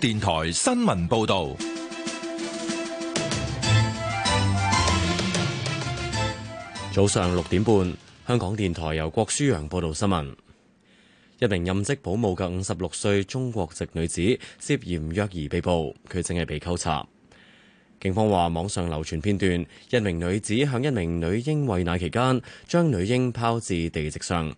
電台新聞報道，早上六點半，香港電台由郭書洋報道新聞。一名任職保姆嘅五十六歲中國籍女子涉嫌虐兒被捕，佢正係被扣查。警方話網上流傳片段，一名女子向一名女嬰喂奶期間，將女嬰拋至地席上。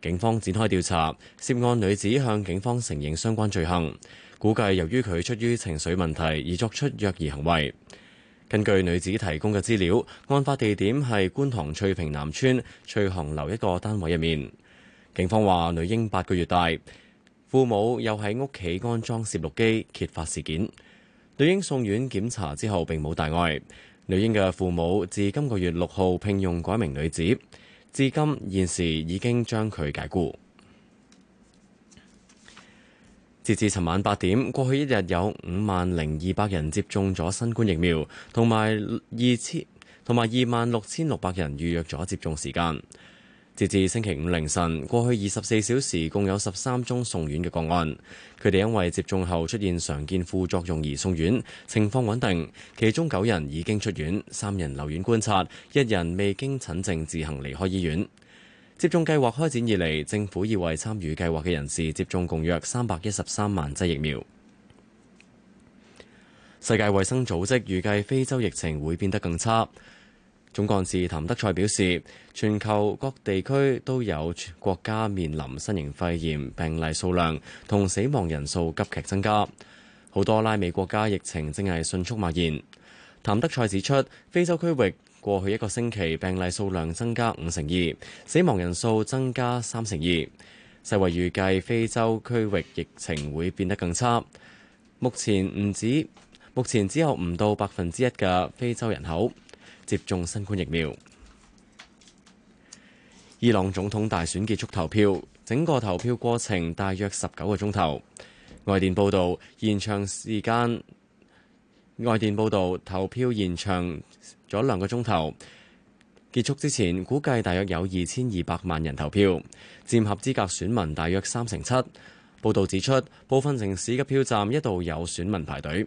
警方展開調查，涉案女子向警方承認相關罪行，估計由於佢出於情緒問題而作出虐兒行為。根據女子提供嘅資料，案發地點係觀塘翠屏南村翠紅樓一個單位入面。警方話女嬰八個月大，父母又喺屋企安裝攝錄機揭發事件。女嬰送院檢查之後并冇大礙。女嬰嘅父母自今個月六號聘用過一名女子。至今現時已經將佢解僱。截至尋晚八點，過去一日有五萬零二百人接種咗新冠疫苗，同埋二千同埋二萬六千六百人預約咗接種時間。截至星期五凌晨，過去二十四小時共有十三宗送院嘅個案，佢哋因為接種後出現常見副作用而送院，情況穩定。其中九人已經出院，三人留院觀察，一人未經診症自行離開醫院。接種計劃開展以嚟，政府已為參與計劃嘅人士接種共約三百一十三萬劑疫苗。世界衛生組織預計非洲疫情會變得更差。總幹事譚德塞表示，全球各地區都有國家面臨新型肺炎病例數量同死亡人數急劇增加，好多拉，拉美國家疫情正係迅速蔓延。譚德塞指出，非洲區域過去一個星期病例數量增加五成二，死亡人數增加三成二，世衛預計非洲區域疫情會變得更差。目前唔止，目前只有唔到百分之一嘅非洲人口。接種新冠疫苗。伊朗總統大選結束投票，整個投票過程大約十九個鐘頭。外電報導，延長時間。外電報導，投票延長咗兩個鐘頭。結束之前，估計大約有二千二百萬人投票，佔合資格選民大約三成七。報導指出，部分城市嘅票站一度有選民排隊。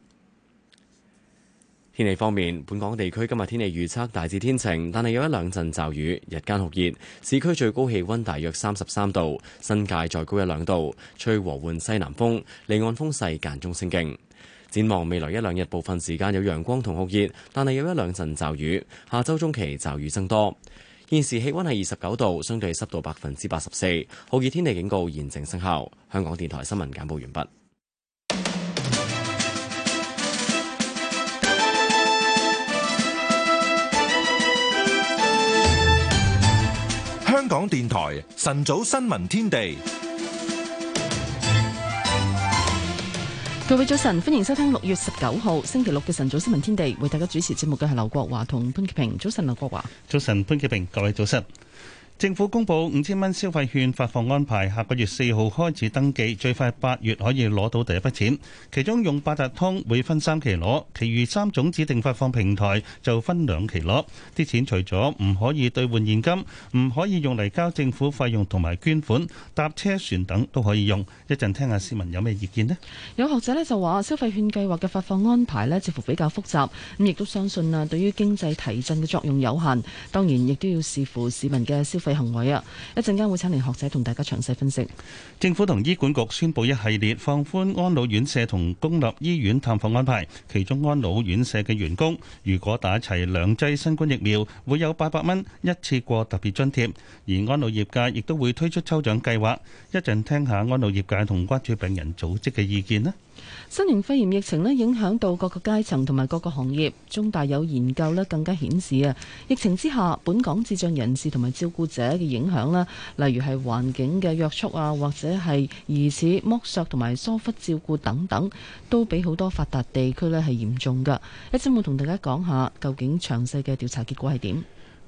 天氣方面，本港地區今日天氣預測大致天晴，但係有一兩陣驟雨，日間酷熱，市區最高氣溫大約三十三度，新界再高一兩度，吹和緩西南風，離岸風勢間中升勁。展望未來一兩日，部分時間有陽光同酷熱，但係有一兩陣驟雨，下周中期驟雨增多。現時氣溫係二十九度，相對濕度百分之八十四，酷熱天氣警告現正生效。香港電台新聞簡報完畢。港電台晨早新聞天地，各位早晨，歡迎收聽六月十九號星期六嘅晨早新聞天地，為大家主持節目嘅係劉國華同潘潔平。早晨，劉國華。早晨，潘潔平。各位早晨。政府公布五千蚊消費券發放安排，下個月四號開始登記，最快八月可以攞到第一筆錢。其中用八達通會分三期攞，其餘三種指定發放平台就分兩期攞。啲錢除咗唔可以兌換現金，唔可以用嚟交政府費用同埋捐款，搭車船等都可以用。一陣聽下市民有咩意見咧？有學者咧就話，消費券計劃嘅發放安排咧似乎比較複雜，咁亦都相信啊，對於經濟提振嘅作用有限。當然亦都要視乎市民嘅消費。行為啊！一陣間會請嚟學者同大家詳細分析。政府同醫管局宣布一系列放寬安老院舍同公立醫院探訪安排，其中安老院舍嘅員工如果打齊兩劑新冠疫苗，會有八百蚊一次過特別津貼。而安老業界亦都會推出抽獎計劃。一陣聽下安老業界同關注病人組織嘅意見啦。新型肺炎疫情咧影響到各個階層同埋各個行業，中大有研究咧更加顯示啊，疫情之下本港智障人士同埋照顧者嘅影響咧，例如係環境嘅約束啊，或者係疑似剝削同埋疏忽照顧等等，都比好多發達地區咧係嚴重噶。一陣會同大家講下，究竟詳細嘅調查結果係點？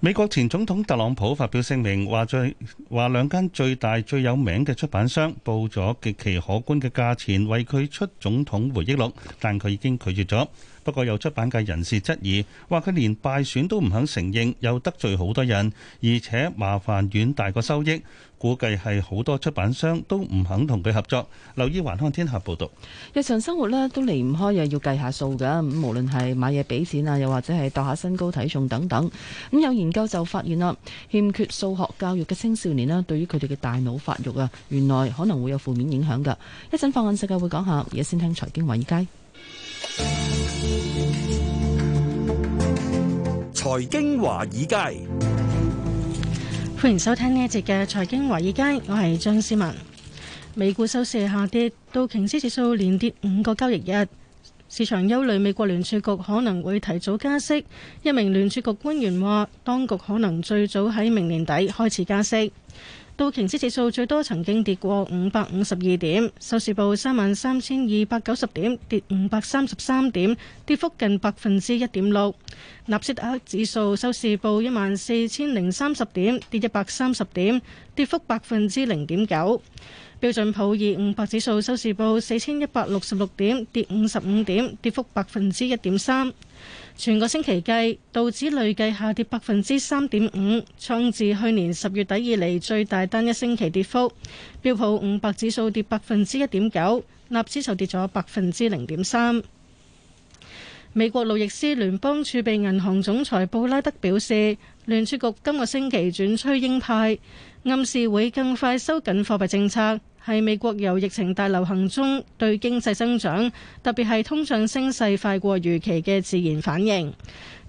美國前總統特朗普發表聲明，話最話兩間最大最有名嘅出版商報咗極其可觀嘅價錢，為佢出總統回憶錄，但佢已經拒絕咗。不過有出版界人士質疑，話佢連敗選都唔肯承認，又得罪好多人，而且麻煩遠大過收益。估計係好多出版商都唔肯同佢合作。留意《環看天下》報道，日常生活咧都離唔開，又要計下數噶。咁無論係買嘢俾錢啊，又或者係度下身高、體重等等。咁有研究就發現啦，欠缺數學教育嘅青少年咧，對於佢哋嘅大腦發育啊，原來可能會有負面影響噶。一陣放眼世界會講下，而家先聽財經華爾街。財經華爾街。歡迎收聽呢一節嘅財經華爾街，我係張思文。美股收市下，下跌，道瓊斯指數連跌五個交易日，市場憂慮美國聯儲局可能會提早加息。一名聯儲局官員話，當局可能最早喺明年底開始加息。道瓊斯指數最多曾經跌過五百五十二點，收市報三萬三千二百九十點，跌五百三十三點，跌幅近百分之一點六。納斯達克指數收市報一萬四千零三十點，跌一百三十點，跌幅百分之零點九。標準普爾五百指數收市報四千一百六十六點，跌五十五點，跌幅百分之一點三。全個星期計，道指累計下跌百分之三點五，創自去年十月底以嚟最大單一星期跌幅。標普五百指數跌百分之一點九，納指就跌咗百分之零點三。美國路易斯聯邦儲備銀行總裁布拉德表示，聯儲局今個星期轉趨鷹派，暗示會更快收緊貨幣政策。係美國由疫情大流行中對經濟增長，特別係通脹升勢快過預期嘅自然反應。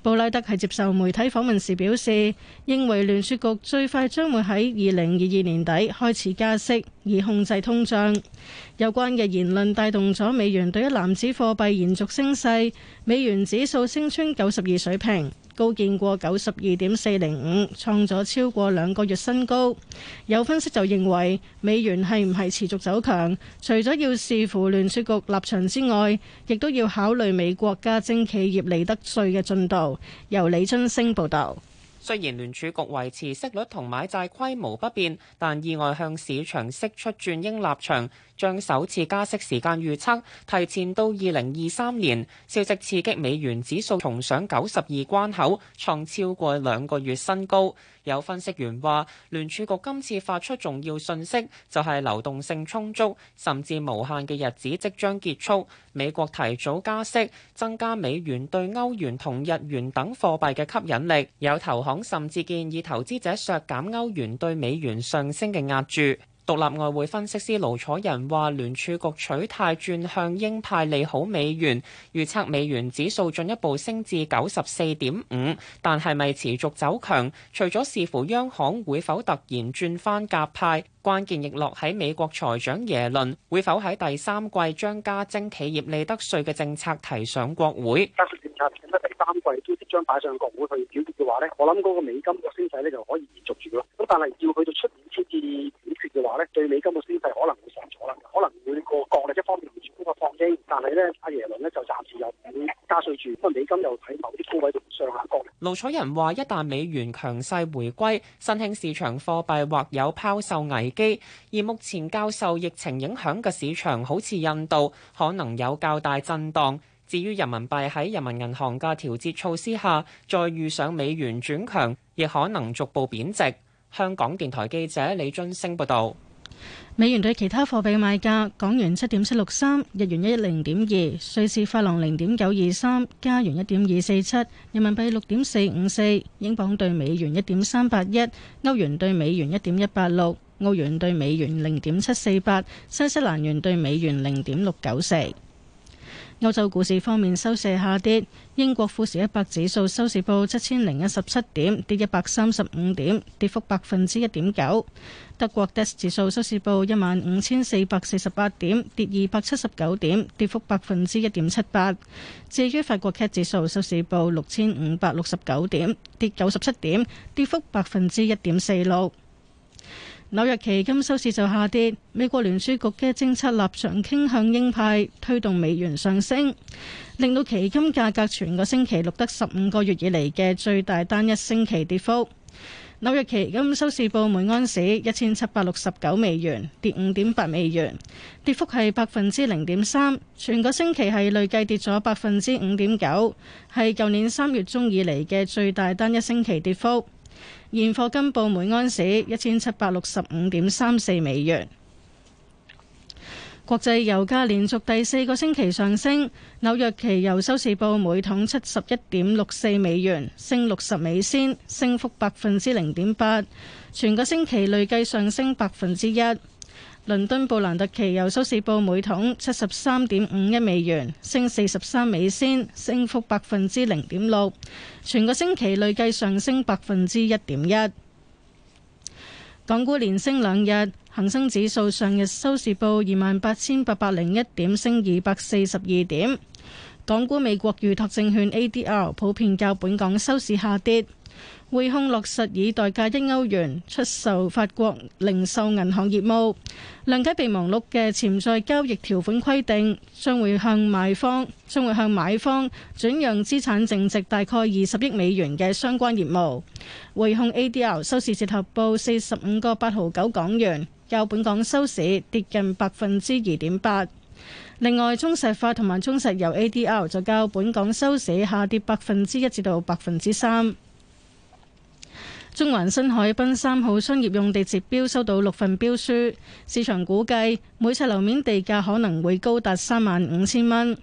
布拉德喺接受媒體訪問時表示，認為聯儲局最快將會喺二零二二年底開始加息，以控制通脹。有關嘅言論帶動咗美元對一籃子貨幣延續升勢，美元指數升穿九十二水平。高見過九十二點四零五，創咗超過兩個月新高。有分析就認為，美元係唔係持續走強，除咗要視乎聯儲局立場之外，亦都要考慮美國加徵企業利得稅嘅進度。由李春星報導。雖然聯儲局維持息率同買債規模不變，但意外向市場釋出轉鷹立場。將首次加息時間預測提前到二零二三年，消息刺激美元指數重上九十二關口，創超過兩個月新高。有分析員話，聯儲局今次發出重要訊息，就係流動性充足，甚至無限嘅日子即將結束。美國提早加息，增加美元對歐元同日元等貨幣嘅吸引力。有投行甚至建議投資者削減歐元對美元上升嘅壓注。獨立外匯分析師盧楚仁話：聯儲局取態轉向，鷹派利好美元，預測美元指數進一步升至九十四點五。但係咪持續走強，除咗視乎央行會否突然轉返甲派，關鍵亦落喺美國財長耶倫會否喺第三季將加徵企業利得稅嘅政策提上國會。加息政策喺第三季都即將擺上國會去表決嘅話呢，我諗嗰個美金嘅升勢呢就可以延續住咯。咁但係要去到出年先至。嘅話咧，對美金嘅消費可能會上咗啦。可能每個國力一方面會做呢個抗應，但係呢，阿耶倫呢就暫時又唔會加稅住，不過美金又喺某啲高位度上下降。盧彩仁話：一旦美元強勢回歸，新興市場貨幣或有拋售危機；而目前較受疫情影響嘅市場，好似印度，可能有較大震盪。至於人民幣喺人民銀行嘅調節措施下，再遇上美元轉強，亦可能逐步貶值。香港電台記者李津升報道：美元對其他貨幣賣價，港元七點七六三，日元一一零點二，瑞士法郎零點九二三，加元一點二四七，人民幣六點四五四，英鎊兌美元一點三八一，歐元兌美元一點一八六，澳元兌美元零點七四八，新西蘭元兌美元零點六九四。歐洲股市方面收市下跌。英國富時一百指數收市報七千零一十七點，跌一百三十五點，跌幅百分之一點九。德國 DAX 指數收市報一萬五千四百四十八點，跌二百七十九點，跌幅百分之一點七八。至於法國 CAC 指數收市報六千五百六十九點，跌九十七點，跌幅百分之一點四六。紐約期金收市就下跌。美國聯儲局嘅政策立場傾向鷹派，推動美元上升，令到期金價格全個星期錄得十五個月以嚟嘅最大單一星期跌幅。紐約期金收市報每安士一千七百六十九美元，跌五點八美元，跌幅係百分之零點三，全個星期係累計跌咗百分之五點九，係舊年三月中以嚟嘅最大單一星期跌幅。現貨金報每安士一千七百六十五點三四美元。國際油價連續第四個星期上升，紐約期油收市報每桶七十一點六四美元，升六十美仙，升幅百分之零點八，全個星期累計上升百分之一。倫敦布蘭特期油收市報每桶七十三點五一美元，升四十三美仙，升幅百分之零點六，全個星期累計上升百分之一點一。港股連升兩日，恒生指數上日收市報二萬八千八百零一點，升二百四十二點。港股美國預託證券 ADR 普遍較本港收市下跌。匯控落實以代價一歐元出售法國零售銀行業務，諒解備忘錄嘅潛在交易條款規定，將會向賣方將會向買方轉讓資產淨值大概二十億美元嘅相關業務。匯控 A.D.L. 收市折合報四十五個八毫九港元，較本港收市跌近百分之二點八。另外，中石化同埋中石油 A.D.L. 就較本港收市下跌百分之一至到百分之三。中環新海濱三號商業用地接標收到六份標書，市場估計每尺樓面地價可能會高達三萬五千蚊。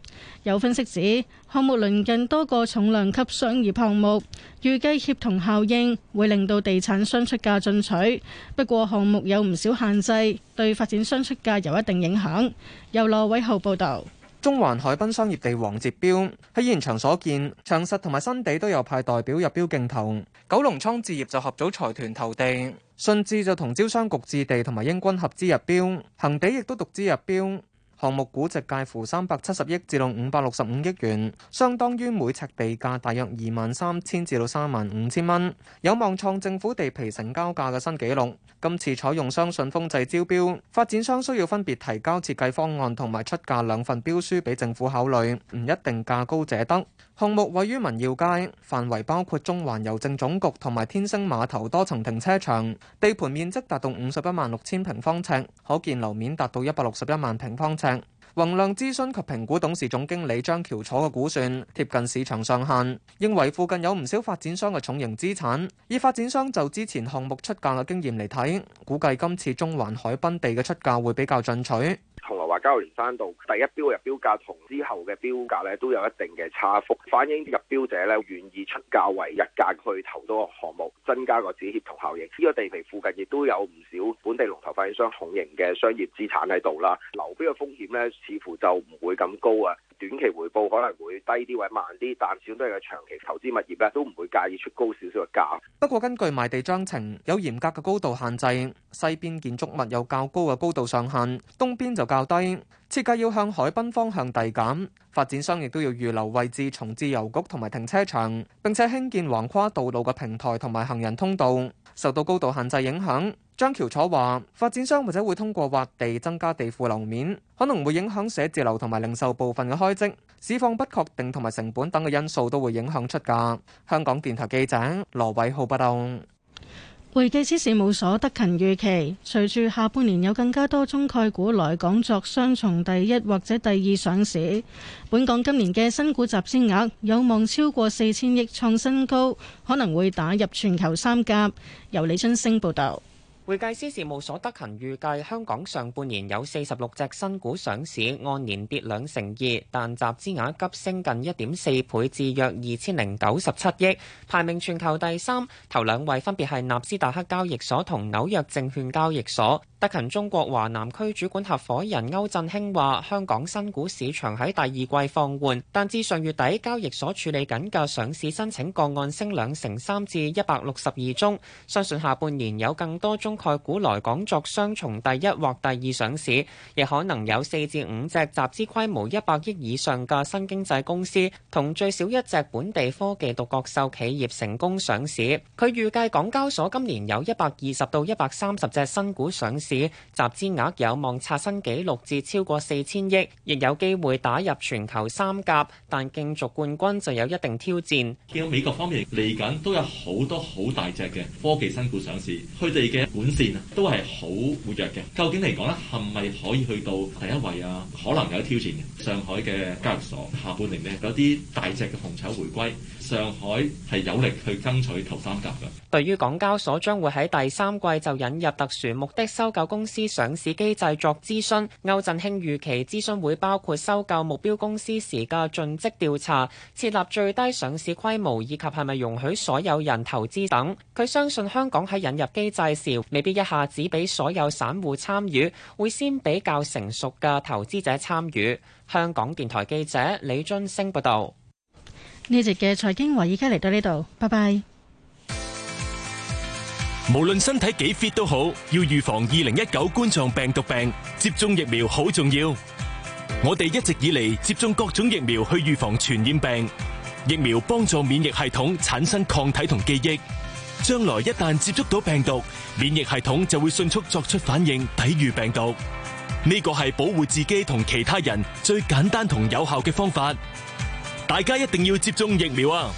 有分析指，項目鄰近多個重量級商業項目，預計協同效應會令到地產商出價進取。不過，項目有唔少限制，對發展商出價有一定影響。由羅偉浩報道。中環海濱商業地王截標，喺現場所見，長實同埋新地都有派代表入標競投，九龍倉置業就合組財團投地，順治就同招商局置地同埋英軍合資入標，恒地亦都獨資入標。項目估值介乎三百七十億至到五百六十五億元，相當於每尺地價大約二萬三千至到三萬五千蚊，有望創政府地皮成交價嘅新紀錄。今次採用雙信封制招標，發展商需要分別提交設計方案同埋出價兩份標書俾政府考慮，唔一定價高者得。項目位於民耀街，範圍包括中環郵政總局同埋天星碼頭多層停車場。地盤面積達到五十一萬六千平方尺，可建樓面達到一百六十一萬平方尺。宏亮諮詢及評估董事總經理張喬楚嘅估算貼近市場上限，認為附近有唔少發展商嘅重型資產。以發展商就之前項目出價嘅經驗嚟睇，估計今次中環海濱地嘅出價會比較進取。同埋話交流蓮山道第一標入標價同之後嘅標價咧都有一定嘅差幅，反映入標者咧願意出價為日間去投多個項目增加個子協同效應。呢個地皮附近亦都有唔少本地龍頭發展商統營嘅商業資產喺度啦，流標嘅風險咧似乎就唔會咁高啊。短期回報可能會低啲或者慢啲，但始終都係個長期投資物業咧都唔會介意出高少少嘅價。不過根據賣地章程有嚴格嘅高度限制，西邊建築物有較高嘅高度上限，東邊就較低，設計要向海濱方向遞減，發展商亦都要預留位置重置郵局同埋停車場，並且興建橫跨道路嘅平台同埋行人通道。受到高度限制影響，張橋楚話，發展商或者會通過挖地增加地庫樓面，可能唔會影響寫字樓同埋零售部分嘅開則。市況不確定同埋成本等嘅因素都會影響出價。香港電台記者羅偉浩報道。會計師事務所德勤預期，隨住下半年有更加多中概股來港作雙重第一或者第二上市，本港今年嘅新股集資額有望超過四千億，創新高，可能會打入全球三甲。由李春升報道。會計師事務所德勤預計，香港上半年有四十六隻新股上市，按年跌兩成二，但集資額急升近一點四倍，至約二千零九十七億，排名全球第三，頭兩位分別係納斯達克交易所同紐約證券交易所。德勤中國華南區主管合夥人歐振興話：香港新股市場喺第二季放緩，但至上月底交易所處理緊嘅上市申請個案升兩成三至一百六十二宗。相信下半年有更多中概股來港作雙重第一或第二上市，亦可能有四至五隻集資規模一百億以上嘅新經濟公司同最少一隻本地科技獨角獸企業成功上市。佢預計港交所今年有一百二十到一百三十隻新股上市。集資額有望刷新紀錄至超過四千億，亦有機會打入全球三甲，但競逐冠軍就有一定挑戰。見到美國方面嚟緊都有好多好大隻嘅科技新股上市，佢哋嘅盤線都係好活躍嘅。究竟嚟講呢，係咪可以去到第一位啊？可能有挑戰嘅。上海嘅交易所下半年呢，有啲大隻嘅紅籌回歸，上海係有力去爭取頭三甲嘅。對於港交所將會喺第三季就引入特殊目的收購。公司上市機制作諮詢，歐振興預期諮詢會包括收購目標公司時嘅盡職調查、設立最低上市規模以及係咪容許所有人投資等。佢相信香港喺引入機制時，未必一下子俾所有散戶參與，會先比較成熟嘅投資者參與。香港電台記者李津升報道。呢節嘅財經話，而家嚟到呢度，拜拜。無論身體幾 fit 都好，要預防二零一九冠狀病毒病，接種疫苗好重要。我哋一直以嚟，接種各種疫苗去預防傳染病，疫苗幫助免疫系統產生抗體同記憶。將來一旦接觸到病毒，免疫系統就會迅速作出反應，抵禦病毒。呢個係保護自己同其他人最簡單同有效嘅方法。大家一定要接種疫苗啊！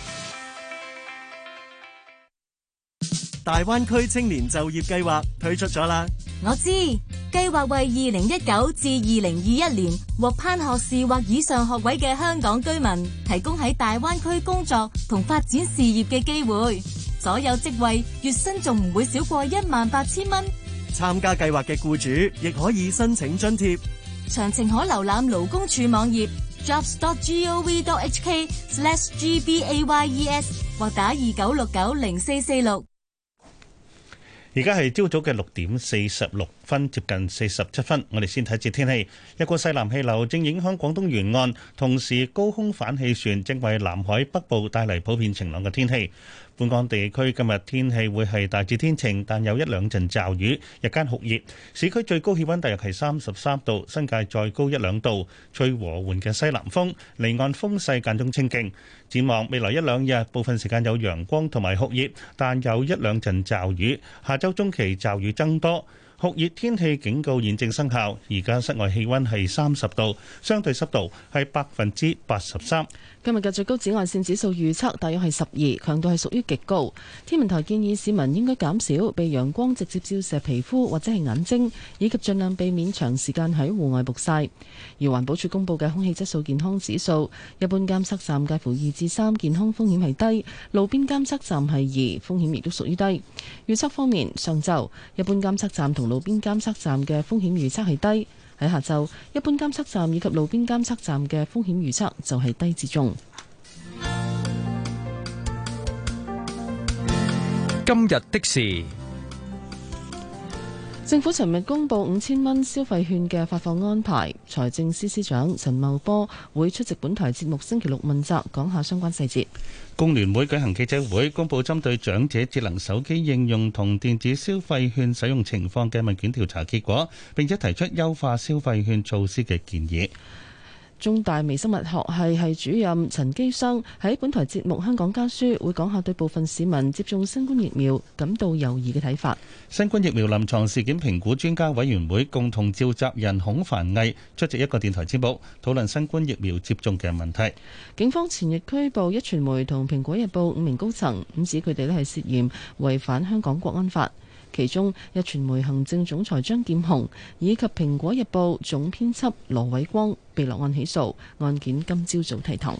大灣區青年就業計劃推出咗啦！我知計劃為二零一九至二零二一年獲攀學士或以上學位嘅香港居民提供喺大灣區工作同發展事業嘅機會。所有職位月薪仲唔會少過一萬八千蚊。參加計劃嘅雇主亦可以申請津貼。詳情可瀏覽勞工處網頁 jobs.gov.hk/gbayes 或打二九六九零四四六。而家係朝早嘅六點四十六分，接近四十七分，我哋先睇節天氣。一股西南氣流正影響廣東沿岸，同時高空反氣旋正為南海北部帶嚟普遍晴朗嘅天氣。本港地區今日天氣會係大致天晴，但有一兩陣驟雨，日間酷熱。市區最高氣温大約係三十三度，新界再高一兩度，吹和緩嘅西南風，離岸風勢間中清勁。展望未來一兩日，部分時間有陽光同埋酷熱，但有一兩陣驟雨。下週中期驟雨增多，酷熱天氣警告現正生效。而家室外氣温係三十度，相對濕度係百分之八十三。今日嘅最高紫外線指數預測大約係十二，強度係屬於極高。天文台建議市民應該減少被陽光直接照射皮膚或者係眼睛，以及盡量避免長時間喺戶外曝曬。而環保署公布嘅空氣質素健康指數，一般監測站介乎二至三，健康風險係低；路邊監測站係二，風險亦都屬於低。預測方面，上晝，一般監測站同路邊監測站嘅風險預測係低。喺下晝，一般監測站以及路邊監測站嘅風險預測就係低至中。今日的事。政府尋日公布五千蚊消費券嘅發放安排，財政司司長陳茂波會出席本台節目星期六問責，講下相關細節。工聯會舉行記者會，公布針對長者智能手機應用同電子消費券使用情況嘅問卷調查結果，並且提出優化消費券措施嘅建議。中大微生物學系系主任陳基湘喺本台節目《香港家書》會講下對部分市民接種新冠疫苗感到猶豫嘅睇法。新冠疫苗臨床事件評估專家委員會共同召集人孔繁毅出席一個電台節目，討論新冠疫苗接種嘅問題。警方前日拘捕壹傳媒同蘋果日報五名高層，指佢哋都係涉嫌違反香港國安法。其中，壹傳媒行政總裁張劍虹以及《蘋果日報》總編輯羅偉光被落案起訴，案件今朝早早提堂。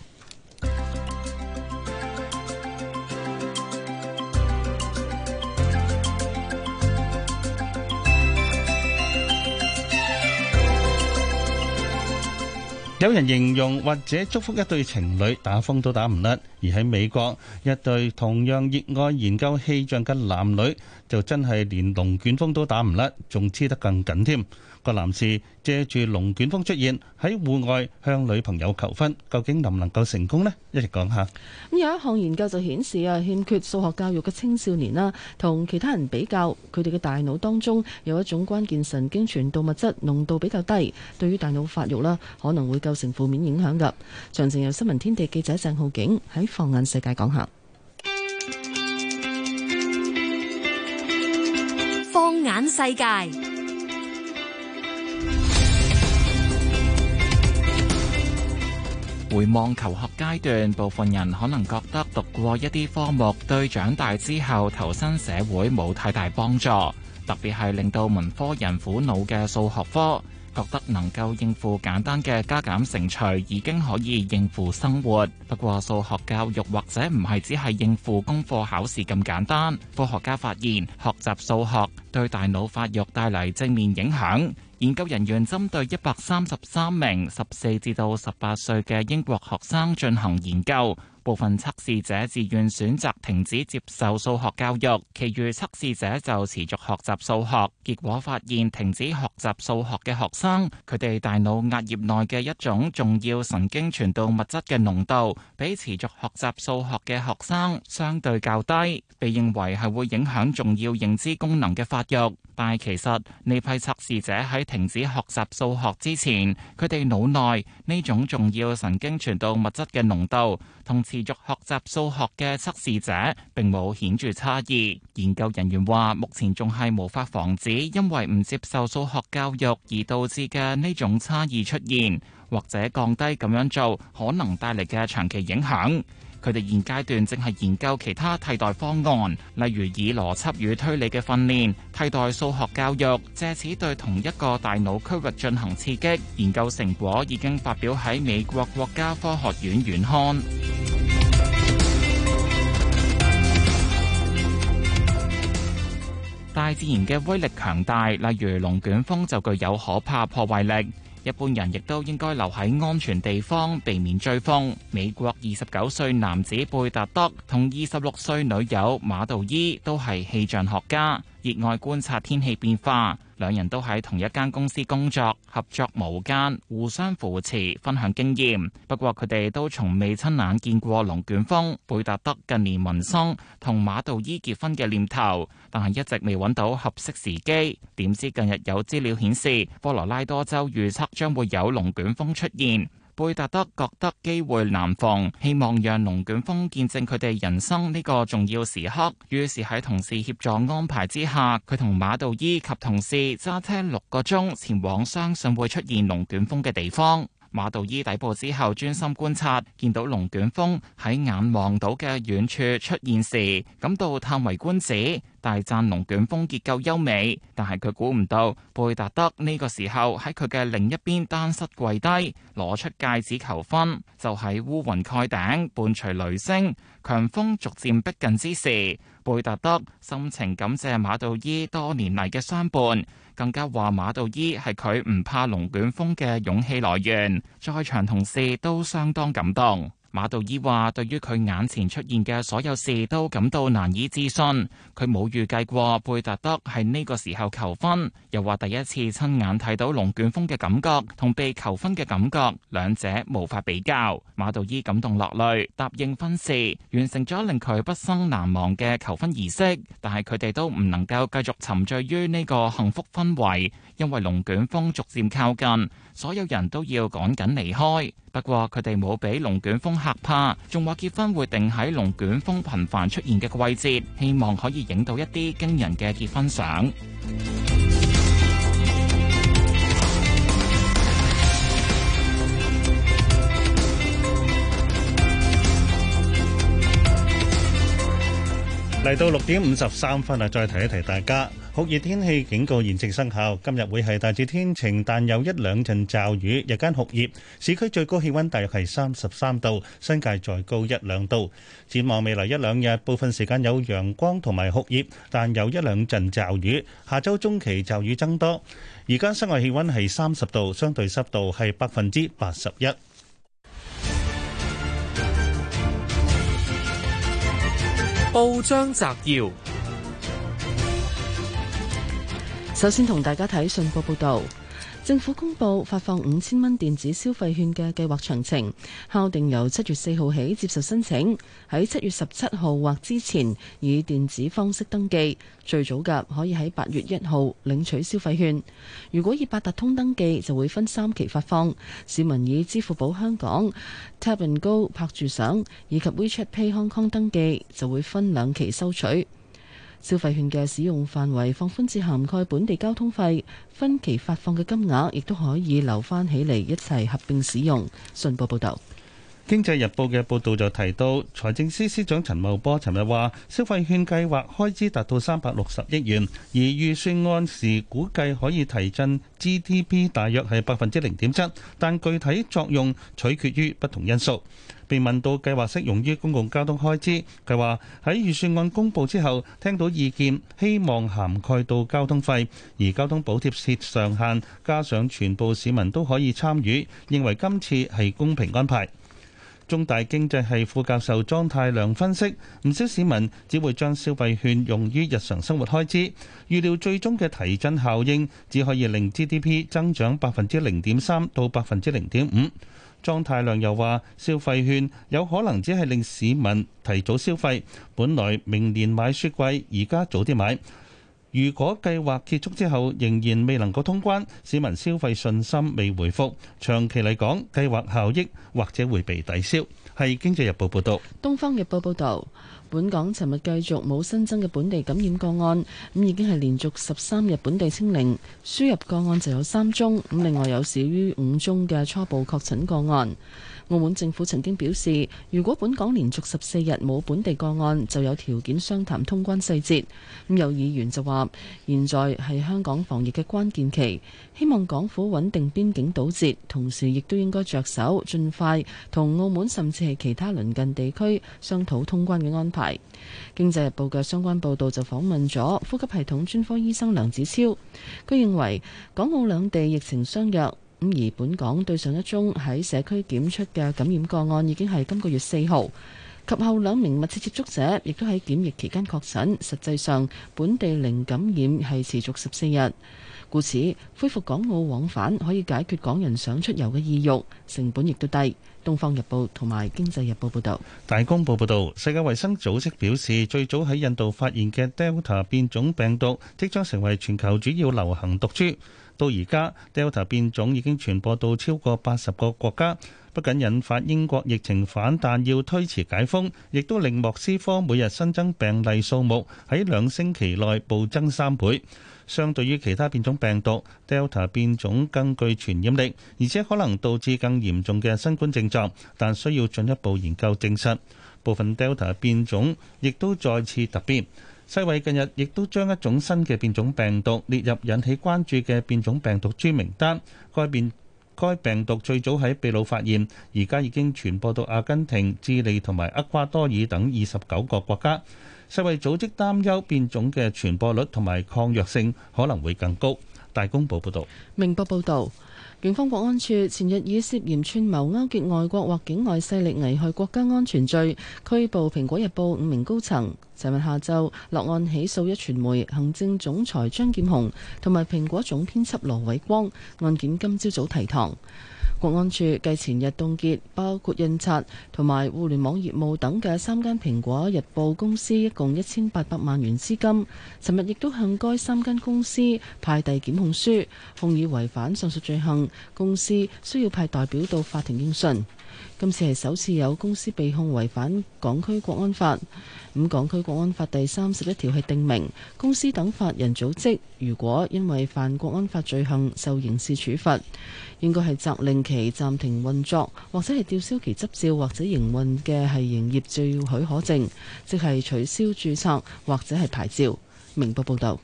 有人形容或者祝福一對情侶打風都打唔甩，而喺美國一對同樣熱愛研究氣象嘅男女就真係連龍捲風都打唔甩，仲黐得更緊添。個男士借住龍捲風出現喺戶外向女朋友求婚，究竟能唔能夠成功呢？一齊講下。咁有一項研究就顯示啊，欠缺數學教育嘅青少年啦，啊，同其他人比較，佢哋嘅大腦當中有一種關鍵神經傳導物質濃度比較低，對於大腦發育啦可能會構成負面影響噶。詳情由新聞天地記者鄭浩景喺放眼世界講下。放眼世界。說說回望求學階段，部分人可能覺得讀過一啲科目對長大之後投身社會冇太大幫助，特別係令到文科人苦惱嘅數學科，覺得能夠應付簡單嘅加減乘除已經可以應付生活。不過數學教育或者唔係只係應付功課考試咁簡單。科學家發現學習數學對大腦發育帶嚟正面影響。研究人員針對一百三十三名十四至到十八歲嘅英國學生進行研究。部分測試者自願選擇停止接受數學教育，其餘測試者就持續學習數學。結果發現，停止學習數學嘅學生，佢哋大腦壓葉內嘅一種重要神經傳導物質嘅濃度，比持續學習數學嘅學生相對較低，被認為係會影響重要認知功能嘅發育。但係其實呢批測試者喺停止學習數學之前，佢哋腦內呢種重要神經傳導物質嘅濃度，同持續學習數學嘅測試者並冇顯著差異。研究人員話，目前仲係無法防止因為唔接受數學教育而導致嘅呢種差異出現，或者降低咁樣做可能帶嚟嘅長期影響。佢哋現階段正係研究其他替代方案，例如以邏輯與推理嘅訓練替代數學教育，借此對同一個大腦區域進行刺激。研究成果已經發表喺美國國家科學院院刊。大自然嘅威力強大，例如龍捲風就具有可怕破壞力。一般人亦都應該留喺安全地方，避免追風。美國二十九歲男子貝達德同二十六歲女友馬道伊都係氣象學家。熱愛觀察天氣變化，兩人都喺同一間公司工作，合作無間，互相扶持，分享經驗。不過佢哋都從未親眼見過龍捲風。貝達德近年萌生同馬道伊結婚嘅念頭，但係一直未揾到合適時機。點知近日有資料顯示，科羅拉多州預測將會有龍捲風出現。貝達德覺得機會難逢，希望讓龍捲風見證佢哋人生呢個重要時刻。於是喺同事協助安排之下，佢同馬道伊及同事揸車六個鐘前往相信會出現龍捲風嘅地方。馬道依抵步之後，專心觀察，見到龍捲風喺眼望到嘅遠處出現時，感到嘆為觀止，大讚龍捲風結構優美。但係佢估唔到，貝達德呢個時候喺佢嘅另一邊單膝跪低，攞出戒指求婚，就喺烏雲蓋頂，伴隨雷聲、強風逐漸逼近，近之時。貝特德深情感謝馬杜伊多年嚟嘅相伴，更加話馬杜伊係佢唔怕龍捲風嘅勇氣來源，在場同事都相當感動。馬道依話：對於佢眼前出現嘅所有事都感到難以置信。佢冇預計過貝達德喺呢個時候求婚，又話第一次親眼睇到龍捲風嘅感覺同被求婚嘅感覺，兩者無法比較。馬道依感動落淚，答應婚事，完成咗令佢畢生難忘嘅求婚儀式。但係佢哋都唔能夠繼續沉醉於呢個幸福氛圍，因為龍捲風逐漸靠近。所有人都要趕緊離開，不過佢哋冇畀龍捲風嚇怕，仲話結婚會定喺龍捲風頻繁出現嘅季節，希望可以影到一啲驚人嘅結婚相。嚟到六點五十三分啦，再提一提大家，酷熱天氣警告現正生效。今日會係大致天晴，但有一兩陣驟雨。日間酷熱，市區最高氣溫大約係三十三度，新界再高一兩度。展望未來一兩日，部分時間有陽光同埋酷熱，但有一兩陣驟雨。下周中期驟雨增多。而家室外氣溫係三十度，相對濕度係百分之八十一。報章摘要，首先同大家睇信報報道。政府公布發放五千蚊電子消費券嘅計劃詳情，敲定由七月四號起接受申請，喺七月十七號或之前以電子方式登記，最早嘅可以喺八月一號領取消費券。如果以八達通登記，就會分三期發放；市民以支付寶香港、Tap & Go 拍住賞以及 WeChat Pay Hong Kong 登記，就會分兩期收取。消費券嘅使用範圍放寬至涵蓋本地交通費，分期發放嘅金額亦都可以留翻起嚟一齊合併使用。信報報道。經濟日報嘅報導就提到，財政司司長陳茂波尋日話，消費券計劃開支達到三百六十億元，而預算案時估計可以提振 GDP 大約係百分之零點七，但具體作用取決於不同因素。被問到計劃適用於公共交通開支，佢話喺預算案公布之後聽到意見，希望涵蓋到交通費，而交通補貼設上限，加上全部市民都可以參與，認為今次係公平安排。中大經濟系副教授莊太亮分析，唔少市民只會將消費券用於日常生活開支，預料最終嘅提振效應只可以令 GDP 增長百分之零點三到百分之零點五。莊太亮又話，消費券有可能只係令市民提早消費，本來明年買雪櫃，而家早啲買。如果計劃結束之後仍然未能夠通關，市民消費信心未回復，長期嚟講計劃效益或者會被抵消。係《經濟日報》報導，《東方日報》報導，本港尋日繼續冇新增嘅本地感染個案，咁已經係連續十三日本地清零，輸入個案就有三宗，咁另外有少於五宗嘅初步確診個案。澳門政府曾經表示，如果本港連續十四日冇本地個案，就有條件商談通關細節。咁有議員就話，現在係香港防疫嘅關鍵期，希望港府穩定邊境堵截，同時亦都應該着手盡快同澳門甚至係其他鄰近地區商討通關嘅安排。經濟日報嘅相關報道就訪問咗呼吸系統專科醫生梁子超，佢認為港澳兩地疫情相若。咁而本港對上一宗喺社區檢出嘅感染個案，已經係今個月四號，及後兩名密切接觸者亦都喺檢疫期間確診。實際上，本地零感染係持續十四日，故此恢復港澳往返可以解決港人想出遊嘅意欲，成本亦都低。《東方日報》同埋《經濟日報》報道，大公報報道，世界衞生組織表示，最早喺印度發現嘅 Delta 變種病毒，即將成為全球主要流行毒株。到而家，Delta 變種已經傳播到超過八十個國家，不僅引發英國疫情反彈，要推遲解封，亦都令莫斯科每日新增病例數目喺兩星期內暴增三倍。相對於其他變種病毒，Delta 變種更具傳染力，而且可能導致更嚴重嘅新冠症狀，但需要進一步研究證實。部分 Delta 變種亦都再次突變。世衛近日亦都將一種新嘅變種病毒列入引起關注嘅變種病毒株名單。該變該病毒最早喺秘魯發現，而家已經傳播到阿根廷、智利同埋厄瓜多爾等二十九個國家。世衛組織擔憂變種嘅傳播率同埋抗藥性可能會更高。大公報報道，明報報道。警方國安處前日以涉嫌串謀勾結外國或境外勢力危害國家安全罪拘捕蘋果日報五名高層，尋日下晝落案起訴一傳媒行政總裁張劍虹同埋蘋果總編輯羅偉光，案件今朝早，早提堂。國安處繼前日凍結包括印刷同埋互聯網業務等嘅三間蘋果日報公司一共一千八百萬元資金，尋日亦都向該三間公司派遞檢控書，控以違反上述罪行，公司需要派代表到法庭應訊。今次係首次有公司被控違反港區國安法。咁、嗯、港區國安法第三十一條係定明，公司等法人組織如果因為犯國安法罪行受刑事處罰，應該係責令其暫停運作，或者係吊銷其執照或者營運嘅係營業照許可證，即係取消註冊或者係牌照。明報報導。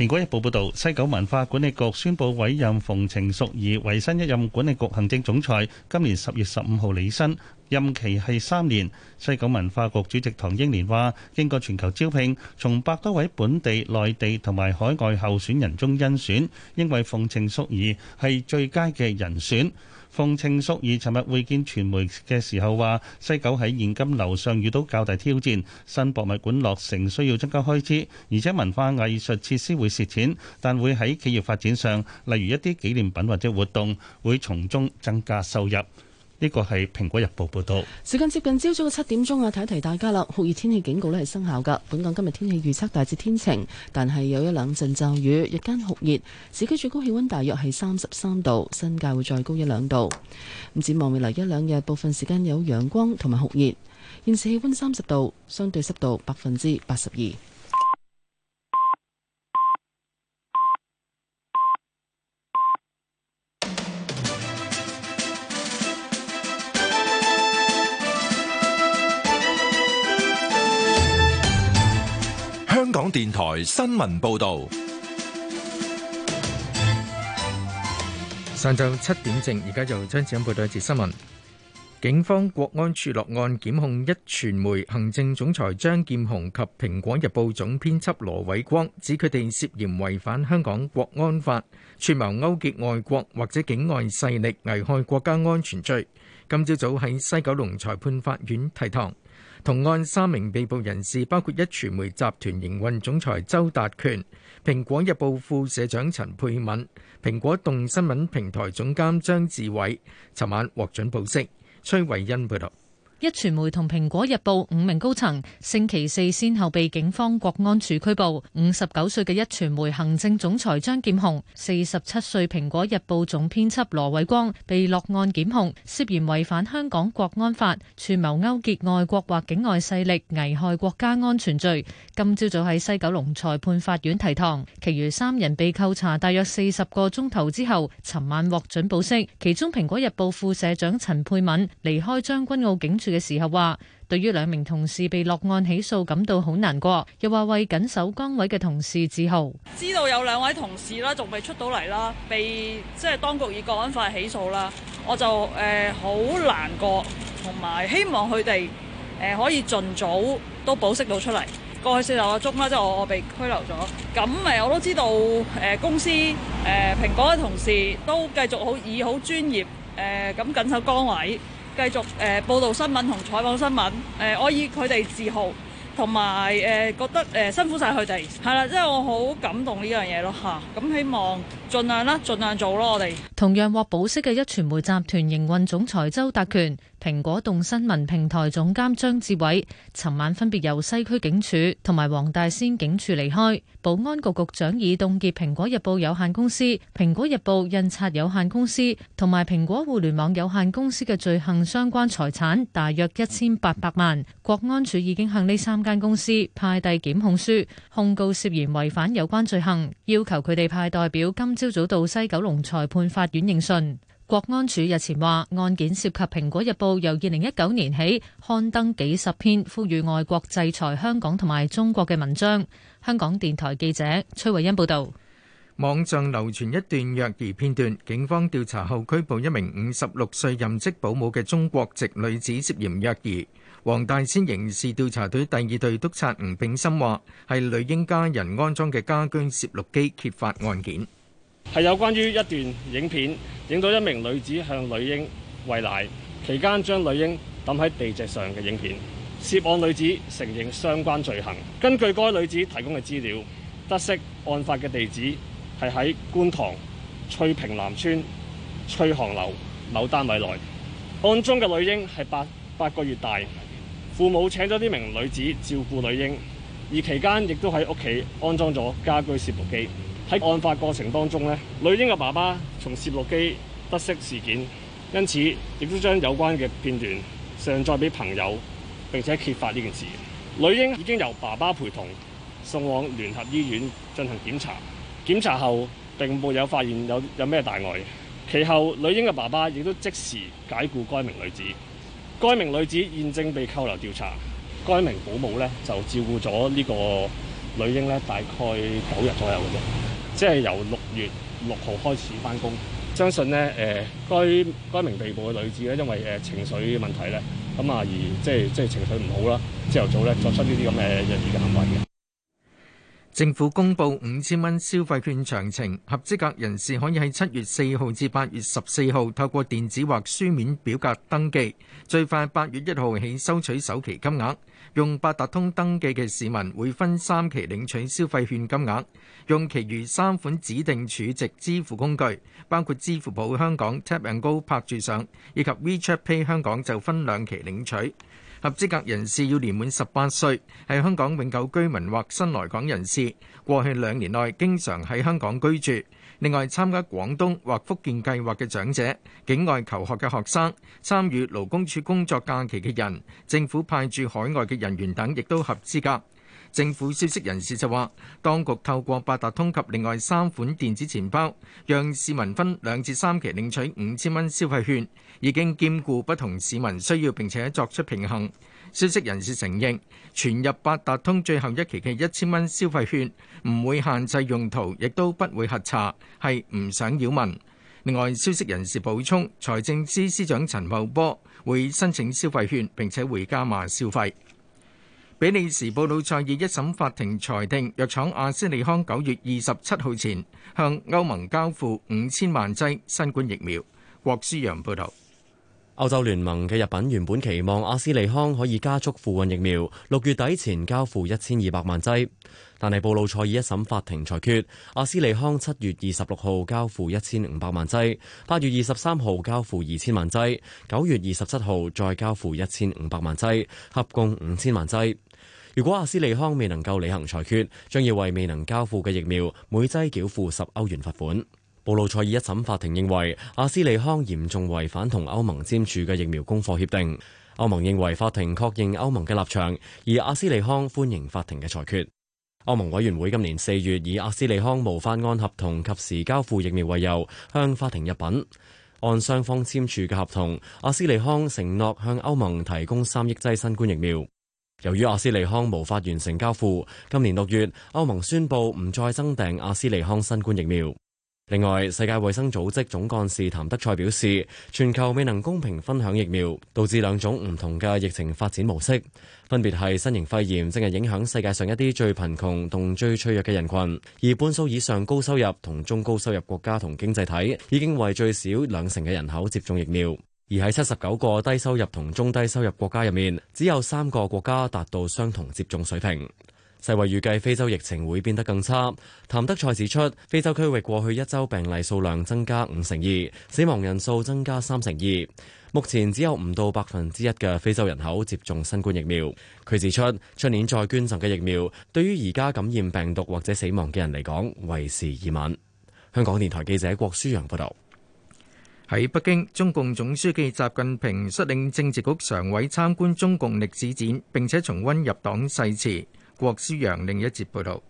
蘋果日報報道，西九文化管理局宣佈委任馮程淑儀為新一任管理局行政總裁，今年十月十五號履新，任期係三年。西九文化局主席唐英年話：經過全球招聘，從百多位本地、內地同埋海外候選人中甄選，認為馮程淑儀係最佳嘅人選。馮程淑儀尋日會見傳媒嘅時候話：西九喺現金流上遇到較大挑戰，新博物館落成需要增加開支，而且文化藝術設施會蝕錢，但會喺企業發展上，例如一啲紀念品或者活動，會從中增加收入。呢個係《蘋果日報》報道。時間接近朝早嘅七點鐘啊，提一提大家啦，酷熱天氣警告呢係生效㗎。本港今日天，天氣預測大致天晴，但係有一兩陣驟雨，日間酷熱，市區最高氣温大約係三十三度，新界會再高一兩度。咁展望未來一兩日，部分時間有陽光同埋酷熱。現時氣温三十度，相對濕度百分之八十二。香港電台新聞報道，上晝七點正，而家就張子欣報道一節新聞。警方國安處落案檢控一傳媒行政總裁張劍虹及蘋果日報總編輯羅偉光，指佢哋涉嫌違反香港國安法，串謀勾結外國或者境外勢力，危害國家安全罪。今朝早喺西九龍裁判法院提堂。同案三名被捕人士，包括壹傳媒集團營運總裁周達權、蘋果日報副社長陳佩敏、蘋果動新聞平台總監張志偉，尋晚獲准保釋。崔慧欣報道。一傳媒同蘋果日報五名高層星期四先後被警方國安處拘捕，五十九歲嘅一傳媒行政總裁張劍虹、四十七歲蘋果日報總編輯羅偉光被落案檢控，涉嫌違反香港國安法，串謀勾結外國或境外勢力危害國家安全罪。今朝早喺西九龍裁判法院提堂，其餘三人被扣查大約四十個鐘頭之後，尋晚獲准保釋。其中蘋果日報副社長陳佩敏離開將軍澳警署嘅時候話，對於兩名同事被落案起訴感到好難過，又話為緊守崗位嘅同事自豪。知道有兩位同事啦，仲未出到嚟啦，被即係當局以國安法起訴啦，我就誒好難過，同埋希望佢哋誒可以盡早都保釋到出嚟。過去四十個鐘啦，即係我我被拘留咗，咁誒我都知道誒公司誒蘋果嘅同事都繼續好以好專業誒咁緊守崗位。繼續誒報導新聞同採訪新聞，誒我以佢哋自豪，同埋誒覺得誒辛苦晒佢哋，係啦，即係我好感動呢樣嘢咯嚇。咁、啊、希望盡量啦，盡量做咯，我哋。同樣獲保釋嘅壹傳媒集團營運總裁周達權。蘋果動新聞平台總監張志偉尋晚分別由西區警署同埋黃大仙警署離開。保安局局長已凍結蘋果日報有限公司、蘋果日報印刷有限公司同埋蘋果互聯網有限公司嘅罪行相關財產，大約一千八百萬。國安處已經向呢三間公司派遞檢控書，控告涉嫌違反有關罪行，要求佢哋派代表今朝早到西九龍裁判法院應訊。國安處日前話，案件涉及《蘋果日報》由二零一九年起刊登幾十篇呼籲外國制裁香港同埋中國嘅文章。香港電台記者崔慧欣報道。網上流傳一段虐兒片段，警方調查後拘捕一名五十六歲任職保姆嘅中國籍女子涉嫌虐兒。黃大仙刑事調查隊第二隊督察吳炳森話，係女嬰家人安裝嘅家居攝錄機揭發案件。係有關於一段影片，影到一名女子向女嬰餵奶，期間將女嬰抌喺地席上嘅影片。涉案女子承認相關罪行。根據該女子提供嘅資料，得悉案發嘅地址係喺觀塘翠屏南邨翠航樓某單位內。案中嘅女嬰係八八個月大，父母請咗呢名女子照顧女嬰，而期間亦都喺屋企安裝咗家居攝錄機。喺案發過程當中呢，女嬰嘅爸爸從攝錄機不識事件，因此亦都將有關嘅片段上載俾朋友，並且揭發呢件事。女嬰已經由爸爸陪同送往聯合醫院進行檢查，檢查後並冇有發現有有咩大礙。其後，女嬰嘅爸爸亦都即時解雇該名女子，該名女子現正被扣留調查。該名保姆呢，就照顧咗呢個女嬰呢大概九日左右嘅啫。即係由六月六號開始返工，相信咧誒該該名被捕嘅女子咧，因為誒情緒問題咧，咁啊而即係即係情緒唔好啦，朝頭早咧作出呢啲咁嘅異異嘅行為嘅。政府公布五千蚊消費券詳情，合資格人士可以喺七月四號至八月十四號透過電子或書面表格登記，最快八月一號起收取首期金額。用八達通登記嘅市民會分三期領取消費券金額，用其餘三款指定儲值支付工具，包括支付寶香港、Tap and Go 拍住上以及 WeChat Pay 香港就分兩期領取。合資格人士要年滿十八歲，係香港永久居民或新來港人士，過去兩年內經常喺香港居住。另外，參加廣東或福建計劃嘅長者、境外求學嘅學生、參與勞工處工作假期嘅人、政府派駐海外嘅人員等，亦都合資格。政府消息人士就話當局透過八達通及另外三款電子錢包，讓市民分兩至三期領取五千蚊消費券，已經兼顧不同市民需要，並且作出平衡。消息人士承認存入八達通最後一期嘅一千蚊消費券，唔會限制用途，亦都不會核查，係唔想擾民。另外，消息人士補充，財政司司長陳茂波會申請消費券，並且會加碼消費。比利時布魯塞爾一審法庭裁定，藥廠阿斯利康九月二十七號前向歐盟交付五千萬劑新冠疫苗。郭思揚報道。歐洲聯盟嘅入稟原本期望阿斯利康可以加速付運疫苗，六月底前交付一千二百萬劑，但係布魯塞爾一審法庭裁決，阿斯利康七月二十六號交付一千五百萬劑，八月二十三號交付二千萬劑，九月二十七號再交付一千五百萬劑，合共五千萬劑。如果阿斯利康未能夠履行裁決，將要為未能交付嘅疫苗每劑繳付十歐元罰款。布魯塞爾一審法庭認為，阿斯利康嚴重違反同歐盟簽署嘅疫苗供貨協定。歐盟認為法庭確認歐盟嘅立場，而阿斯利康歡迎法庭嘅裁決。歐盟委員會今年四月以阿斯利康無法按合同及時交付疫苗為由向法庭入稟，按雙方簽署嘅合同，阿斯利康承諾向歐盟提供三億劑新冠疫苗。由於阿斯利康無法完成交付，今年六月歐盟宣佈唔再增訂阿斯利康新冠疫苗。另外，世界衛生組織總幹事譚德賽表示，全球未能公平分享疫苗，導致兩種唔同嘅疫情發展模式，分別係新型肺炎正係影響世界上一啲最貧窮同最脆弱嘅人群，而半數以上高收入同中高收入國家同經濟體已經為最少兩成嘅人口接種疫苗。而喺七十九個低收入同中低收入國家入面，只有三個國家達到相同接種水平。世衛預計非洲疫情會變得更差。譚德塞指出，非洲區域過去一周病例數量增加五成二，死亡人數增加三成二。目前只有唔到百分之一嘅非洲人口接種新冠疫苗。佢指出，出年再捐贈嘅疫苗，對於而家感染病毒或者死亡嘅人嚟講，為時已晚。香港電台記者郭舒揚報道。喺北京，中共總書記習近平率領政治局常委參觀中共歷史展，並且重温入黨誓詞。郭書陽另一節報道。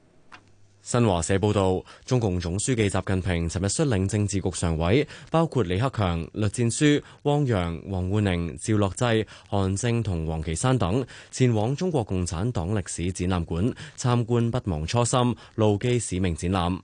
新華社報道，中共總書記習近平尋日率領政治局常委，包括李克強、栗戰書、汪洋、王滬寧、趙樂際、韓正同王岐山等，前往中國共產黨歷史展覽館參觀《不忘初心、牢記使命》展覽。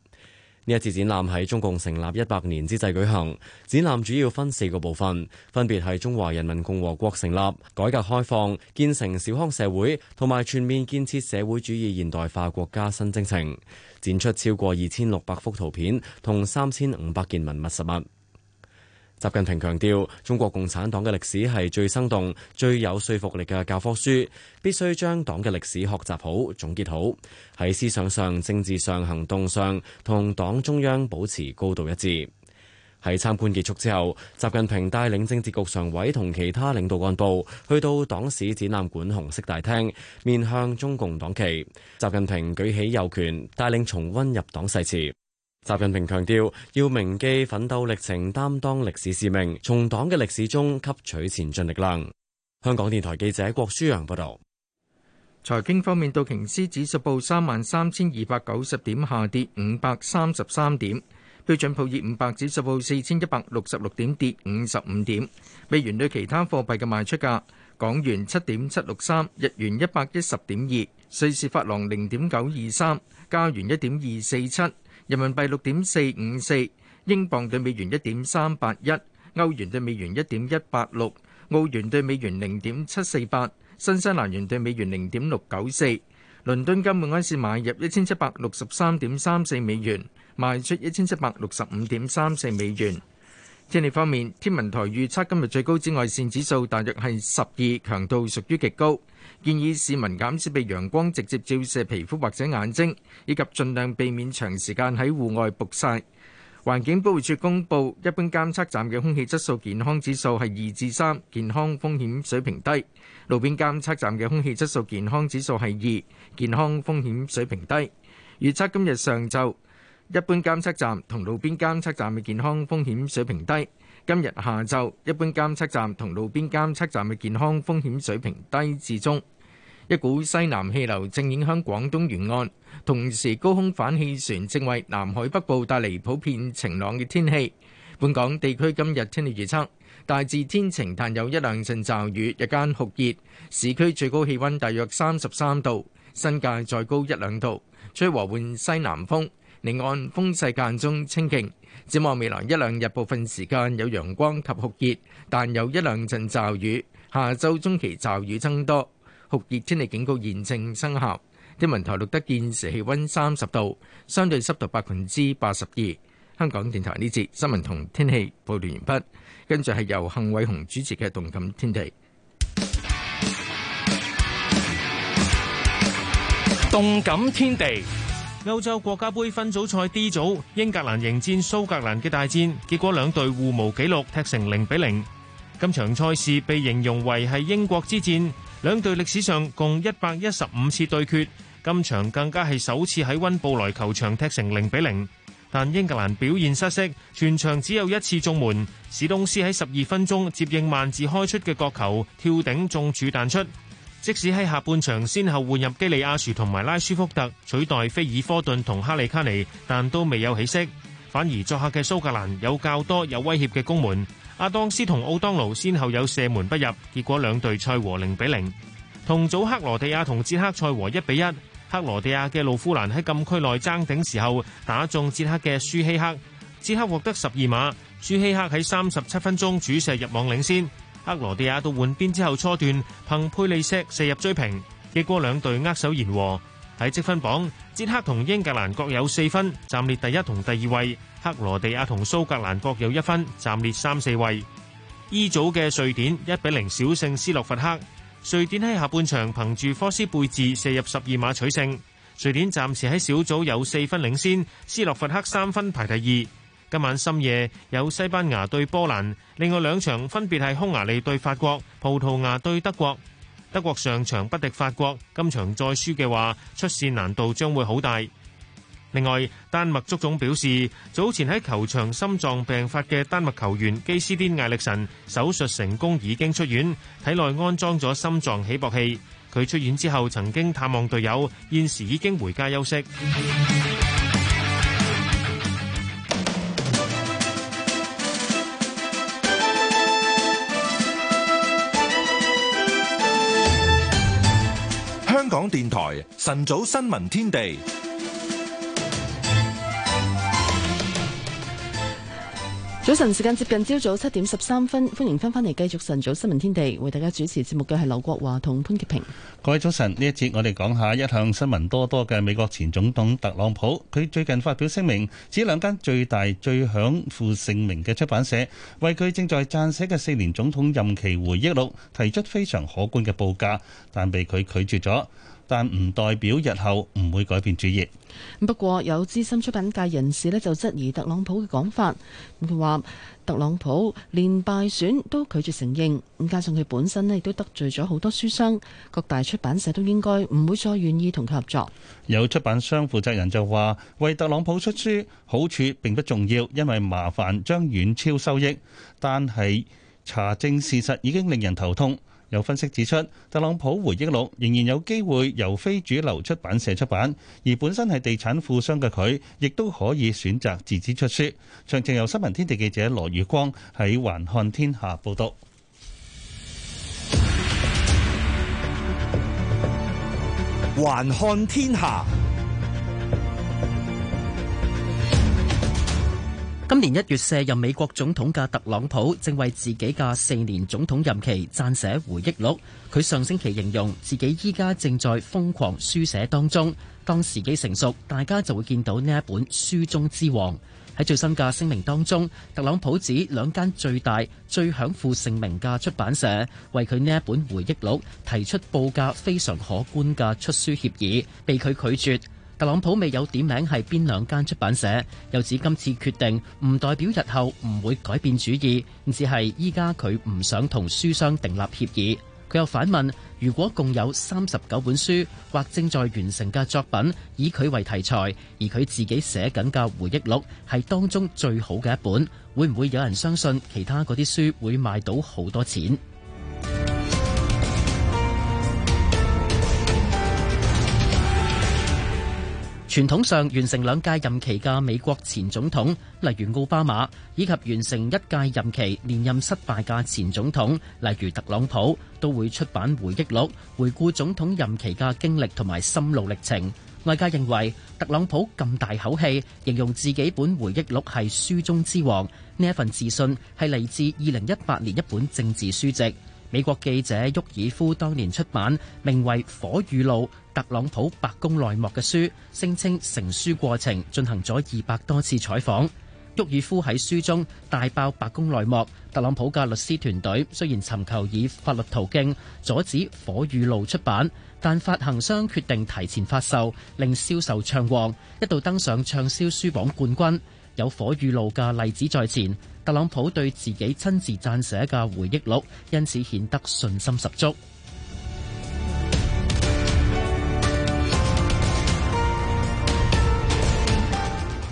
呢一次展覽喺中共成立一百年之際舉行，展覽主要分四個部分，分別係中華人民共和國成立、改革開放、建成小康社會同埋全面建設社會主義現代化國家新征程。展出超過二千六百幅圖片同三千五百件文物實物。習近平強調，中國共產黨嘅歷史係最生動、最有說服力嘅教科書，必須將黨嘅歷史學習好、總結好，喺思想上、政治上、行動上同黨中央保持高度一致。喺參觀結束之後，習近平帶領政治局常委同其他領導幹部去到黨史展覽館紅色大廳，面向中共黨旗，習近平舉起右拳，帶領重溫入黨誓詞。習近平強調要銘記奮鬥歷程，擔當歷史使命，從黨嘅歷史中吸取前進力量。香港電台記者郭舒陽報道。財經方面，道瓊斯指數報三萬三千二百九十點，下跌五百三十三點；標準普爾五百指數報四千一百六十六點，跌五十五點。美元對其他貨幣嘅賣出價：港元七點七六三，日元一百一十點二，瑞士法郎零點九二三，加元一點二四七。人民幣六點四五四，英鎊對美元一點三八一，歐元對美元一點一八六，澳元對美元零點七四八，新西蘭元對美元零點六九四。倫敦金每盎司買入一千七百六十三點三四美元，賣出一千七百六十五點三四美元。天氣方面，天文台預測今日最高紫外線指數大約係十二，強度屬於極高，建議市民減少被陽光直接照射皮膚或者眼睛，以及盡量避免長時間喺戶外曝曬。環境保護署公布，一般監測站嘅空氣質素健康指數係二至三，健康風險水平低；路邊監測站嘅空氣質素健康指數係二，健康風險水平低。預測今日上晝。一般監測站同路邊監測站嘅健康風險水平低。今日下晝，一般監測站同路邊監測站嘅健康風險水平低至中。一股西南氣流正影響廣東沿岸，同時高空反氣旋正為南海北部帶嚟普遍晴朗嘅天氣。本港地區今日天氣預測大致天晴，但有一兩陣驟雨。日間酷熱，市區最高氣温大約三十三度，新界再高一兩度，吹和緩西南風。離岸風勢間中清勁，展望未來一兩日部分時間有陽光及酷熱，但有一兩陣驟雨，下週中期驟雨增多，酷熱天氣警告現正生效。天文台錄得現時氣溫三十度，相對濕度百分之八十二。香港電台呢節新聞同天氣報道完畢，跟住係由幸偉雄主持嘅《動感天地》，《動感天地》。歐洲國家盃分組賽 D 組，英格蘭迎戰蘇格蘭嘅大戰，結果兩隊互無紀錄，踢成零比零。今場賽事被形容為係英國之戰，兩隊歷史上共一百一十五次對決，今場更加係首次喺溫布萊球場踢成零比零。但英格蘭表現失色，全場只有一次中門，史東斯喺十二分鐘接應萬字開出嘅角球，跳頂中柱彈出。即使喺下半場先後換入基利阿殊，同埋拉舒福特取代菲爾科頓同哈利卡尼，但都未有起色。反而作客嘅蘇格蘭有較多有威脅嘅攻門，阿當斯同奧當奴先後有射門不入，結果兩隊賽和零比零。同組克羅地亞同捷克賽和一比一，克羅地亞嘅盧夫蘭喺禁區內爭頂時候打中捷克嘅舒希克，捷克獲得十二碼，舒希克喺三十七分鐘主射入網領先。克羅地亞到換邊之後初段，憑佩利錫射入追平，結果兩隊握手言和。喺積分榜，捷克同英格蘭各有四分，暫列第一同第二位；克羅地亞同蘇格蘭各有一分，暫列三四位。E 組嘅瑞典一比零小勝斯洛伐克，瑞典喺下半場憑住科斯貝治射入十二碼取勝，瑞典暫時喺小組有四分領先斯洛伐克三分排第二。今晚深夜有西班牙對波蘭，另外兩場分別係匈牙利對法國、葡萄牙對德國。德國上場不敵法國，今場再輸嘅話，出線難度將會好大。另外，丹麥足總表示，早前喺球場心臟病發嘅丹麥球員基斯丁艾力神手術成功，已經出院，體內安裝咗心臟起搏器。佢出院之後，曾經探望隊友，現時已經回家休息。電台晨早新聞天地，早晨時間接近朝早七點十三分。歡迎翻返嚟繼續晨早新聞天地，為大家主持節目嘅係劉國華同潘潔平。各位早晨，呢一節我哋講下一向新聞多多嘅美國前總統特朗普，佢最近發表聲明，指兩間最大最享負盛名嘅出版社為佢正在撰寫嘅四年總統任期回憶錄提出非常可觀嘅報價，但被佢拒絕咗。但唔代表日後唔會改變主意。不過有資深出版界人士咧就質疑特朗普嘅講法。佢話特朗普連敗選都拒絕承認，加上佢本身咧亦都得罪咗好多書商，各大出版社都應該唔會再願意同佢合作。有出版商負責人就話：為特朗普出書好處並不重要，因為麻煩將遠超收益。但係查證事實已經令人頭痛。有分析指出，特朗普回憶錄仍然有機會由非主流出版社出版，而本身係地產富商嘅佢，亦都可以選擇自資出書。詳情由新聞天地記者羅宇光喺《環看天下》報道。環看天下。今年一月卸任美國總統嘅特朗普正為自己嘅四年總統任期撰寫回憶錄。佢上星期形容自己依家正在瘋狂書寫當中，當時機成熟，大家就會見到呢一本書中之王。喺最新嘅聲明當中，特朗普指兩間最大、最享負盛名嘅出版社為佢呢一本回憶錄提出報價非常可觀嘅出書協議，被佢拒絕。特朗普未有點名係邊兩間出版社，又指今次決定唔代表日後唔會改變主意，只係依家佢唔想同書商訂立協議。佢又反問：如果共有三十九本書或正在完成嘅作品以佢為題材，而佢自己寫緊嘅回憶錄係當中最好嘅一本，會唔會有人相信其他嗰啲書會賣到好多錢？傳統上完成兩屆任期嘅美國前總統，例如奧巴馬，以及完成一屆任期連任失敗嘅前總統，例如特朗普，都會出版回憶錄，回顧總統任期嘅經歷同埋心路歷程。外界認為特朗普咁大口氣，形容自己本回憶錄係書中之王，呢一份自信係嚟自二零一八年一本政治書籍。美國記者沃爾夫當年出版，名為《火與怒》特朗普白宮內幕嘅書，聲稱成書過程進行咗二百多次採訪。沃爾夫喺書中大爆白宮內幕，特朗普嘅律師團隊雖然尋求以法律途徑阻止《火與怒》出版，但發行商決定提前發售，令銷售暢旺，一度登上暢銷書榜冠軍。有火與怒嘅例子在前，特朗普對自己親自撰寫嘅回憶錄，因此顯得信心十足。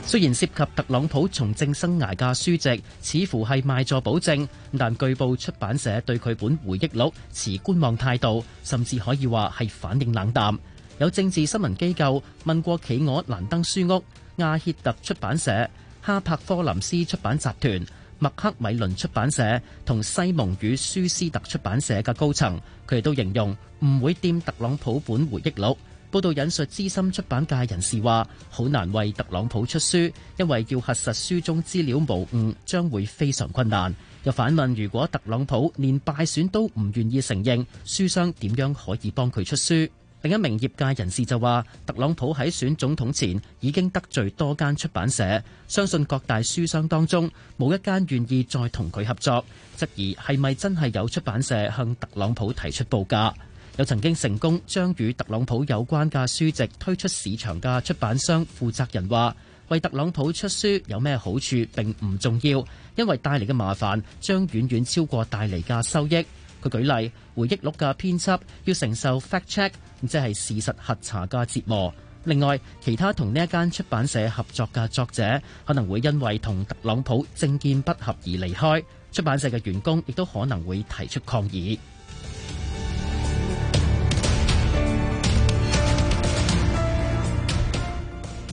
雖然涉及特朗普從政生涯嘅書籍，似乎係賣座保證，但據報出版社對佢本回憶錄持觀望態度，甚至可以話係反應冷淡。有政治新聞機構問過企鵝蘭登書屋、亞歇特出版社。哈珀科林斯出版集團、麥克米倫出版社同西蒙與舒斯特出版社嘅高層，佢哋都形容唔會掂特朗普本回憶錄。報道引述資深出版界人士話，好難為特朗普出書，因為要核實書中資料無誤，將會非常困難，又反問，如果特朗普連敗選都唔願意承認，書商點樣可以幫佢出書？另一名業界人士就話特朗普喺選總統前已經得罪多間出版社，相信各大書商當中冇一間願意再同佢合作，質疑係咪真係有出版社向特朗普提出報價？有曾經成功將與特朗普有關嘅書籍推出市場嘅出版商負責人話為特朗普出書有咩好處並唔重要，因為帶嚟嘅麻煩將遠遠超過帶嚟嘅收益。佢舉例，回憶錄嘅編輯要承受 fact check，即係事實核查嘅折磨。另外，其他同呢一間出版社合作嘅作者可能會因為同特朗普政見不合而離開，出版社嘅員工亦都可能會提出抗議。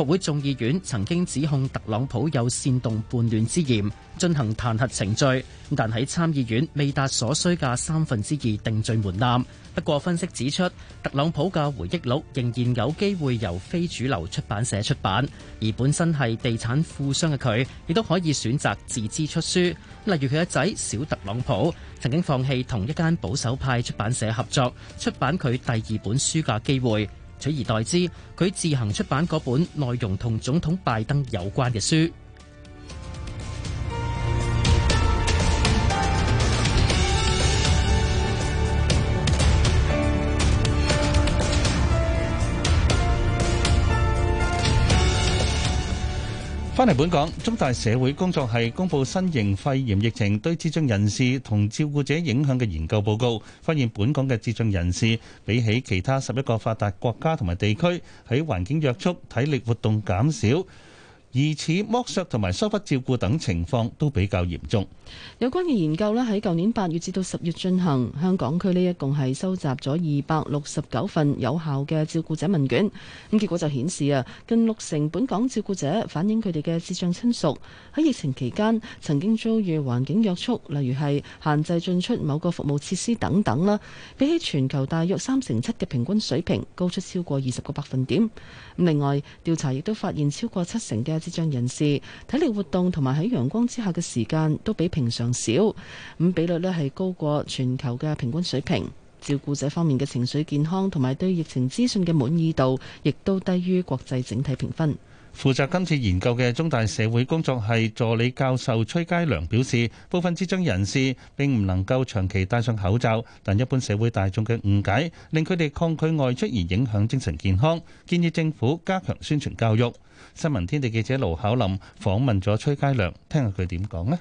國會眾議院曾經指控特朗普有煽動叛亂之嫌，進行彈劾程序，但喺參議院未達所需嘅三分之二定罪門檻。不過分析指出，特朗普嘅回憶錄仍然有機會由非主流出版社出版，而本身係地產富商嘅佢，亦都可以選擇自資出書。例如佢嘅仔小特朗普曾經放棄同一間保守派出版社合作出版佢第二本書嘅機會。取而代之，佢自行出版本內容同總統拜登有關嘅書。翻嚟本港，中大社會工作系公佈新型肺炎疫情對智障人士同照顧者影響嘅研究報告，發現本港嘅智障人士比起其他十一個發達國家同埋地區，喺環境約束、體力活動減少、疑似剝削同埋疏忽照顧等情況都比較嚴重。有關嘅研究咧，喺舊年八月至到十月進行，香港區呢一共係收集咗二百六十九份有效嘅照顧者問卷。咁結果就顯示啊，近六成本港照顧者反映佢哋嘅智障親屬喺疫情期間曾經遭遇環境約束，例如係限制進出某個服務設施等等啦。比起全球大約三成七嘅平均水平，高出超過二十個百分點。另外調查亦都發現，超過七成嘅智障人士體力活動同埋喺陽光之下嘅時間都比平平常少，咁比率呢，係高過全球嘅平均水平，照顧者方面嘅情緒健康同埋對疫情資訊嘅滿意度，亦都低於國際整體評分。負責今次研究嘅中大社會工作系助理教授崔佳良表示，部分諮詢人士並唔能夠長期戴上口罩，但一般社會大眾嘅誤解令佢哋抗拒外出而影響精神健康，建議政府加強宣傳教育。新聞天地記者盧巧林訪問咗崔佳良，聽下佢點講呢？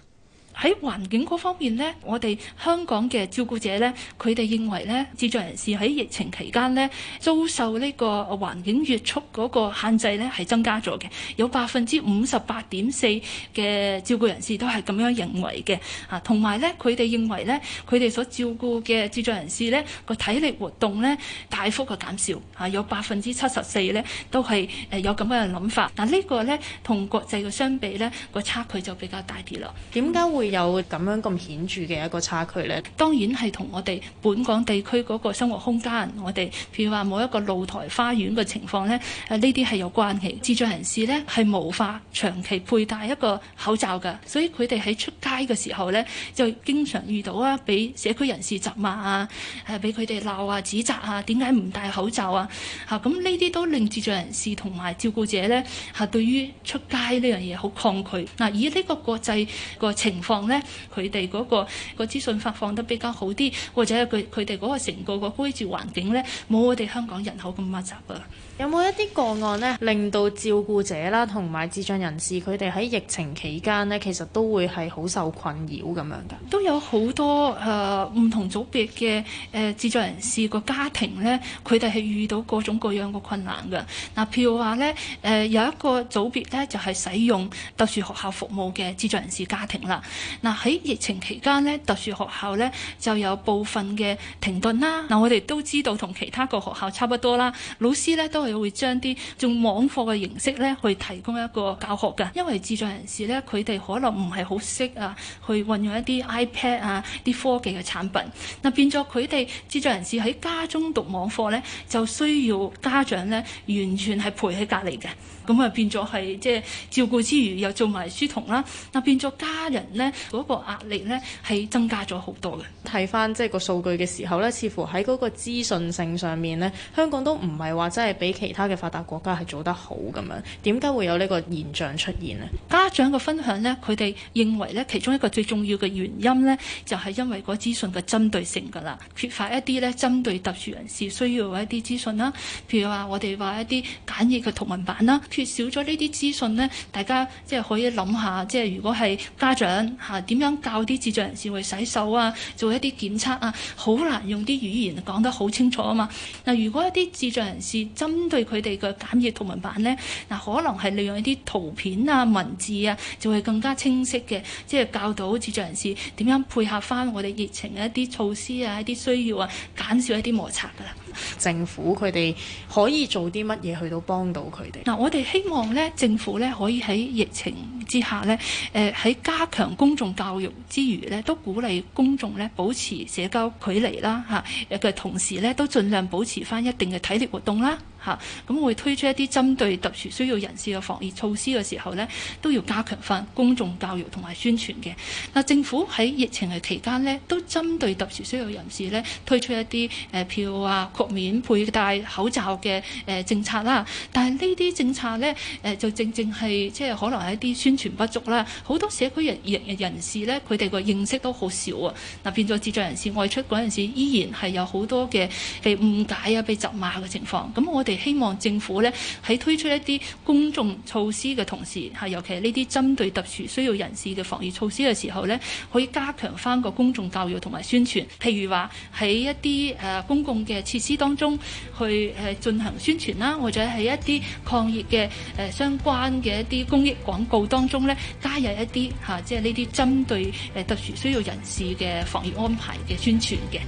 喺環境嗰方面呢，我哋香港嘅照顧者呢，佢哋認為呢，智障人士喺疫情期間呢，遭受呢個環境約束嗰個限制呢，係增加咗嘅。有百分之五十八點四嘅照顧人士都係咁樣認為嘅。啊，同埋呢，佢哋認為呢，佢哋所照顧嘅智障人士呢，個體力活動呢，大幅嘅減少。啊，有百分之七十四呢，都係誒有咁樣嘅諗法。嗱、啊，呢、呢個呢，同國際嘅相比呢，個差距就比較大啲啦。點解會有咁樣咁顯著嘅一個差距咧，當然係同我哋本港地區嗰個生活空間，我哋譬如話冇一個露台花園嘅情況咧，誒呢啲係有關係。智障人士咧，係無法長期佩戴一個口罩㗎，所以佢哋喺出街嘅時候咧，就經常遇到啊，俾社區人士責罵啊，誒俾佢哋鬧啊、指責啊，點解唔戴口罩啊？嚇咁呢啲都令智障人士同埋照顧者咧嚇對於出街呢樣嘢好抗拒嗱、啊。以呢個國際個情況況咧，佢哋嗰個個資訊發放得比較好啲，或者佢佢哋嗰個成個個居住環境咧，冇我哋香港人口咁密集啊。有冇一啲個案呢？令到照顧者啦，同埋智障人士佢哋喺疫情期間呢，其實都會係好受困擾咁樣噶。都有好多誒唔、呃、同組別嘅誒、呃、智障人士個家庭呢，佢哋係遇到各種各樣嘅困難噶。嗱譬如話呢，誒、呃、有一個組別呢，就係、是、使用特殊學校服務嘅智障人士家庭啦。嗱喺疫情期間呢，特殊學校呢，就有部分嘅停頓啦。嗱我哋都知道同其他個學校差不多啦，老師呢，都係。佢會將啲用網課嘅形式咧，去提供一個教學嘅，因為智障人士咧，佢哋可能唔係好識啊，去運用一啲 iPad 啊，啲科技嘅產品，嗱變咗佢哋智障人士喺家中讀網課咧，就需要家長咧，完全係陪喺隔離嘅。咁啊變咗係即係照顧之餘又做埋書童啦，嗱變咗家人呢，嗰個壓力呢係增加咗好多嘅。睇翻即係個數據嘅時候呢，似乎喺嗰個資訊性上面呢，香港都唔係話真係比其他嘅發達國家係做得好咁樣。點解會有呢個現象出現呢？家長嘅分享呢，佢哋認為呢，其中一個最重要嘅原因呢，就係因為嗰資訊嘅針對性㗎啦，缺乏一啲呢針對特殊人士需要嘅一啲資訊啦，譬如話我哋話一啲簡易嘅圖文版啦。少咗呢啲資訊咧，大家即係可以諗下，即係如果係家長嚇啊、點樣教啲智障人士去洗手啊，做一啲檢測啊，好難用啲語言講得好清楚啊嘛。嗱，如果一啲智障人士針對佢哋嘅簡易圖文版咧，嗱，可能係利用一啲圖片啊、文字啊，就會更加清晰嘅，即係教到智障人士點樣配合翻我哋疫情嘅一啲措施啊、一啲需要啊，減少一啲摩擦噶、啊、啦。政府佢哋可以做啲乜嘢去到幫到佢哋？嗱，我哋希望咧，政府咧可以喺疫情之下咧，誒、呃、喺加強公眾教育之餘咧，都鼓勵公眾咧保持社交距離啦，吓、啊、嘅、呃、同時咧，都盡量保持翻一定嘅體力活動啦。嚇，咁、嗯、會推出一啲針對特殊需要人士嘅防疫措施嘅時候呢，都要加強返公眾教育同埋宣傳嘅。嗱、啊，政府喺疫情嘅期間呢，都針對特殊需要人士呢推出一啲誒票啊、豁、呃、免佩戴口罩嘅誒、呃、政策啦。但係呢啲政策呢，誒、呃、就正正係即係可能係一啲宣傳不足啦，好多社區人人，人，人，人士呢，佢哋個認識都好少啊。嗱、啊，變咗智障人士外出嗰陣時，依然係有好多嘅被誤解啊、被責罵嘅情況。咁我哋。希望政府咧喺推出一啲公眾措施嘅同時，嚇，尤其係呢啲針對特殊需要人士嘅防疫措施嘅時候咧，可以加強翻個公眾教育同埋宣傳。譬如話喺一啲誒公共嘅設施當中去誒進行宣傳啦，或者喺一啲抗疫嘅誒相關嘅一啲公益廣告當中咧，加入一啲嚇，即係呢啲針對誒特殊需要人士嘅防疫安排嘅宣傳嘅。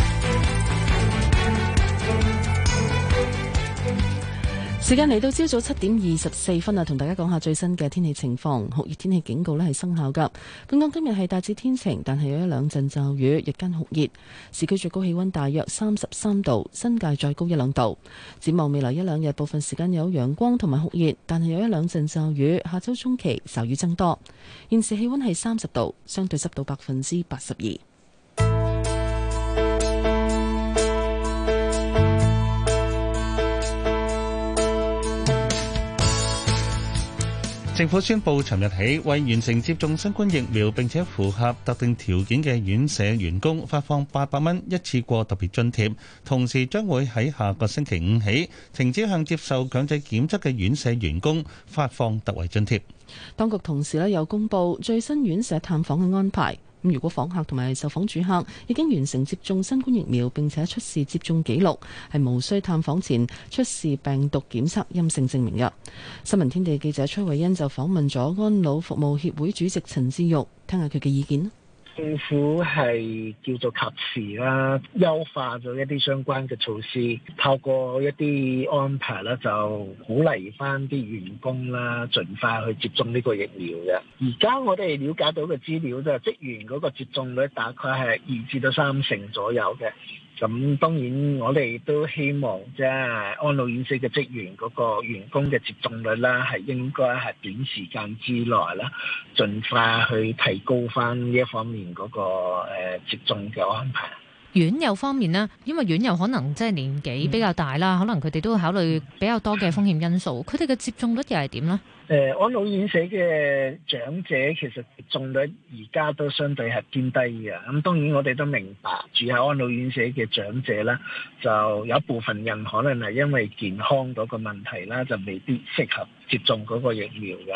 時間嚟到朝早七點二十四分啊，同大家講下最新嘅天氣情況。酷熱天氣警告咧係生效噶。本港今日係大致天晴，但係有一兩陣驟雨。日間酷熱，市區最高氣溫大約三十三度，新界再高一兩度。展望未來一兩日，部分時間有陽光同埋酷熱，但係有一兩陣驟雨。下周中期驟雨增多。現時氣溫係三十度，相對濕度百分之八十二。政府宣布，尋日起為完成接種新冠疫苗並且符合特定條件嘅院舍員工發放八百蚊一次過特別津貼，同時將會喺下個星期五起停止向接受強制檢測嘅院舍員工發放特惠津貼。當局同時咧又公布最新院舍探訪嘅安排。咁如果訪客同埋受訪住客已經完成接種新冠疫苗，並且出示接種記錄，係無需探訪前出示病毒檢測陰性證明嘅。新聞天地記者崔慧欣就訪問咗安老服務協會主席陳志玉，聽下佢嘅意見啦。政府係叫做及時啦，優化咗一啲相關嘅措施，透過一啲安排啦，就鼓勵翻啲員工啦，盡快去接種呢個疫苗嘅。而家我哋了解到嘅資料就係職員嗰個接種率大概係二至到三成左右嘅。咁當然，我哋都希望即係安老院舍嘅職員嗰個員工嘅接種率啦，係應該係短時間之內啦，盡快去提高翻呢一方面嗰個、呃、接種嘅安排。院友方面咧，因為院友可能即係年紀比較大啦，嗯、可能佢哋都會考慮比較多嘅風險因素。佢哋嘅接種率又係點呢？誒、呃、安老院舍嘅長者其實中率而家都相對係偏低嘅。咁當然我哋都明白住喺安老院舍嘅長者啦，就有一部分人可能係因為健康嗰個問題啦，就未必適合接種嗰個疫苗嘅，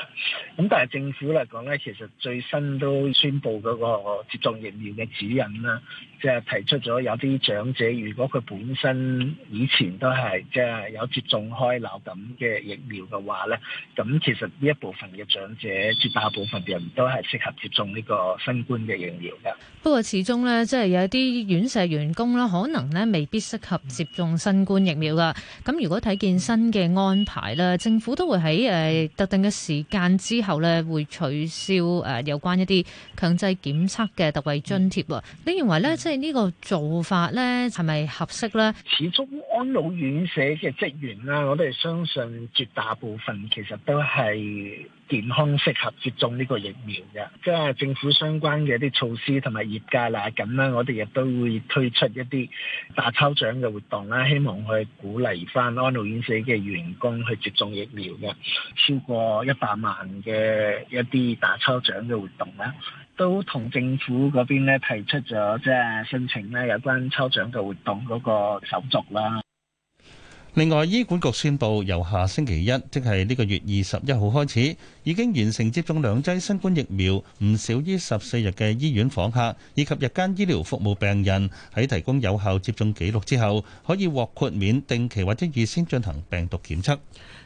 咁但係政府嚟講咧，其實最新都宣布嗰個接種疫苗嘅指引啦，即係提出咗有啲長者，如果佢本身以前都係即係有接種開流感嘅疫苗嘅話咧，咁其實呢一部分嘅長者，絕大部分人都係適合接種呢個新冠嘅疫苗嘅。不過始終咧，即係有啲院舍員工啦，可能咧未必適合接種新冠疫苗噶。咁如果睇見新嘅安排啦，政府都會喺誒、呃，特定嘅時間之後咧，會取消誒、呃、有關一啲強制檢測嘅特惠津貼。嗯、你認為咧，即係呢個做法咧，係咪合適咧？始終安老院舍嘅職員啦，我哋相信絕大部分其實都係。健康適合接種呢個疫苗嘅，即係政府相關嘅一啲措施同埋業界啦咁啦，我哋亦都會推出一啲大抽獎嘅活動啦，希望去鼓勵返安老院舍嘅員工去接種疫苗嘅，超過一百萬嘅一啲大抽獎嘅活動啦，都同政府嗰邊咧提出咗，即係申請咧有關抽獎嘅活動嗰個手續啦。另外，醫管局宣布，由下星期一，即係呢個月二十一號開始，已經完成接種兩劑新冠疫苗唔少於十四日嘅醫院訪客以及日間醫療服務病人，喺提供有效接種記錄之後，可以獲豁免定期或者預先進行病毒檢測。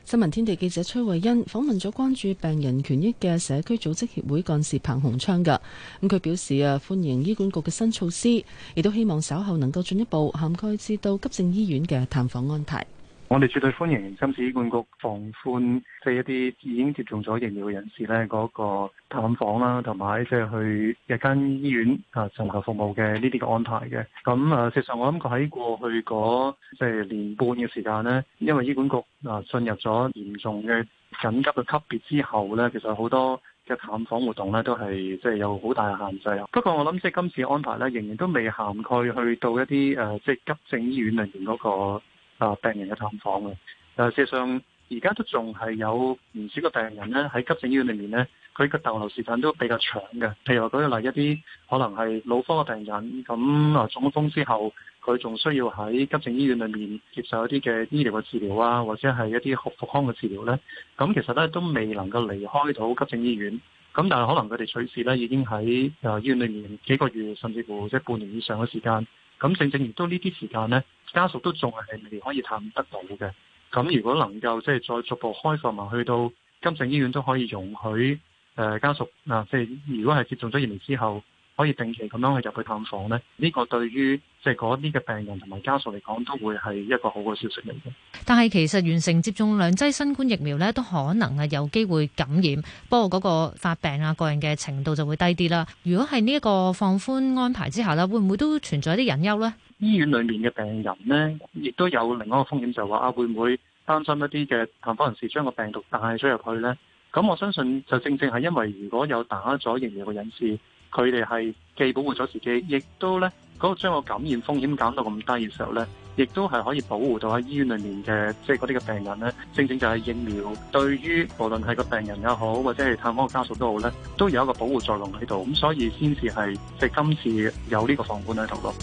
新聞天地記者崔慧欣訪問咗關注病人權益嘅社區組織協會幹事彭洪昌嘅咁，佢表示啊，歡迎醫管局嘅新措施，亦都希望稍後能夠進一步涵蓋至到急症醫院嘅探訪安排。我哋絕對歡迎今次醫管局放寬，即係一啲已經接種咗疫苗嘅人士咧，嗰個探訪啦，同埋即係去一間醫院啊尋求服務嘅呢啲嘅安排嘅。咁啊，事實上我諗過喺過去嗰即係年半嘅時間咧，因為醫管局啊進入咗嚴重嘅緊急嘅級別之後咧，其實好多嘅探訪活動咧都係即係有好大嘅限制啊。不過我諗即係今次安排咧，仍然都未涵蓋去到一啲誒，啊，即係急症醫院裏面嗰個。啊，病人嘅探訪嘅，但事實上，而家都仲係有唔少個病人咧，喺急症醫院裏面咧，佢嘅逗留時間都比較長嘅。譬如話，舉例一啲可能係腦科嘅病人，咁啊中風之後，佢仲需要喺急症醫院裏面接受一啲嘅醫療嘅治療啊，或者係一啲復康嘅治療咧。咁其實咧都未能夠離開到急症醫院，咁但係可能佢哋隨時咧已經喺啊醫院裏面幾個月，甚至乎即係半年以上嘅時間。咁正正亦都呢啲時間呢，家屬都仲係未可以探得到嘅。咁如果能夠即係再逐步開放，埋去到金正醫院都可以容許誒家屬嗱，即係如果係接種咗疫苗之後。可以定期咁樣去入去探訪咧，呢個對於即係嗰啲嘅病人同埋家屬嚟講，都會係一個好嘅消息嚟嘅。但係其實完成接種兩劑新冠疫苗咧，都可能係有機會感染，不過嗰個發病啊，個人嘅程度就會低啲啦。如果係呢一個放寬安排之下咧，會唔會都存在啲隱憂呢？醫院裏面嘅病人呢，亦都有另外一個風險，就係話啊，會唔會擔心一啲嘅探訪人士將個病毒帶咗入去呢？咁我相信就正正係因為如果有打咗疫苗嘅人士。佢哋係既保護咗自己，亦都呢嗰個將個感染風險減到咁低嘅時候呢，亦都係可以保護到喺醫院裏面嘅即係嗰啲嘅病人呢，正正就係疫苗對於無論係個病人又好，或者係探訪嘅家屬都好呢，都有一個保護作用喺度。咁所以先至係，即係今次有呢個防護喺度咯。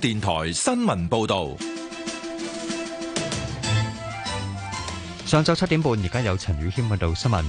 電台新聞報道：上晝七點半，而家有陳宇謙報道新聞。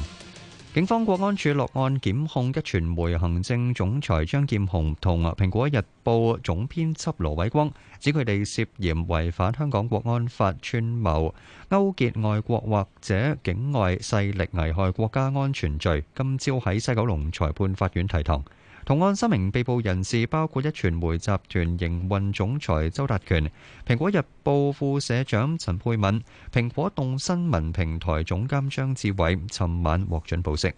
警方國安處落案檢控一傳媒行政總裁張劍虹同蘋果日報總編輯羅偉光，指佢哋涉嫌違反香港國安法串謀勾結外國或者境外勢力危害國家安全罪。今朝喺西九龍裁判法院提堂。同案三名被捕人士，包括壹傳媒集團營運總裁周達權、蘋果日報副社長陳佩敏、蘋果動新聞平台總監張志偉，尋晚獲准保釋。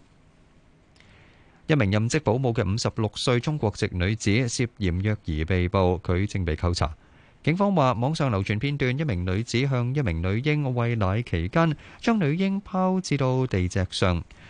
一名任職保姆嘅五十六歲中國籍女子涉嫌虐兒被捕，佢正被扣查。警方話，網上流傳片段，一名女子向一名女嬰餵奶期間，將女嬰拋至到地脊上。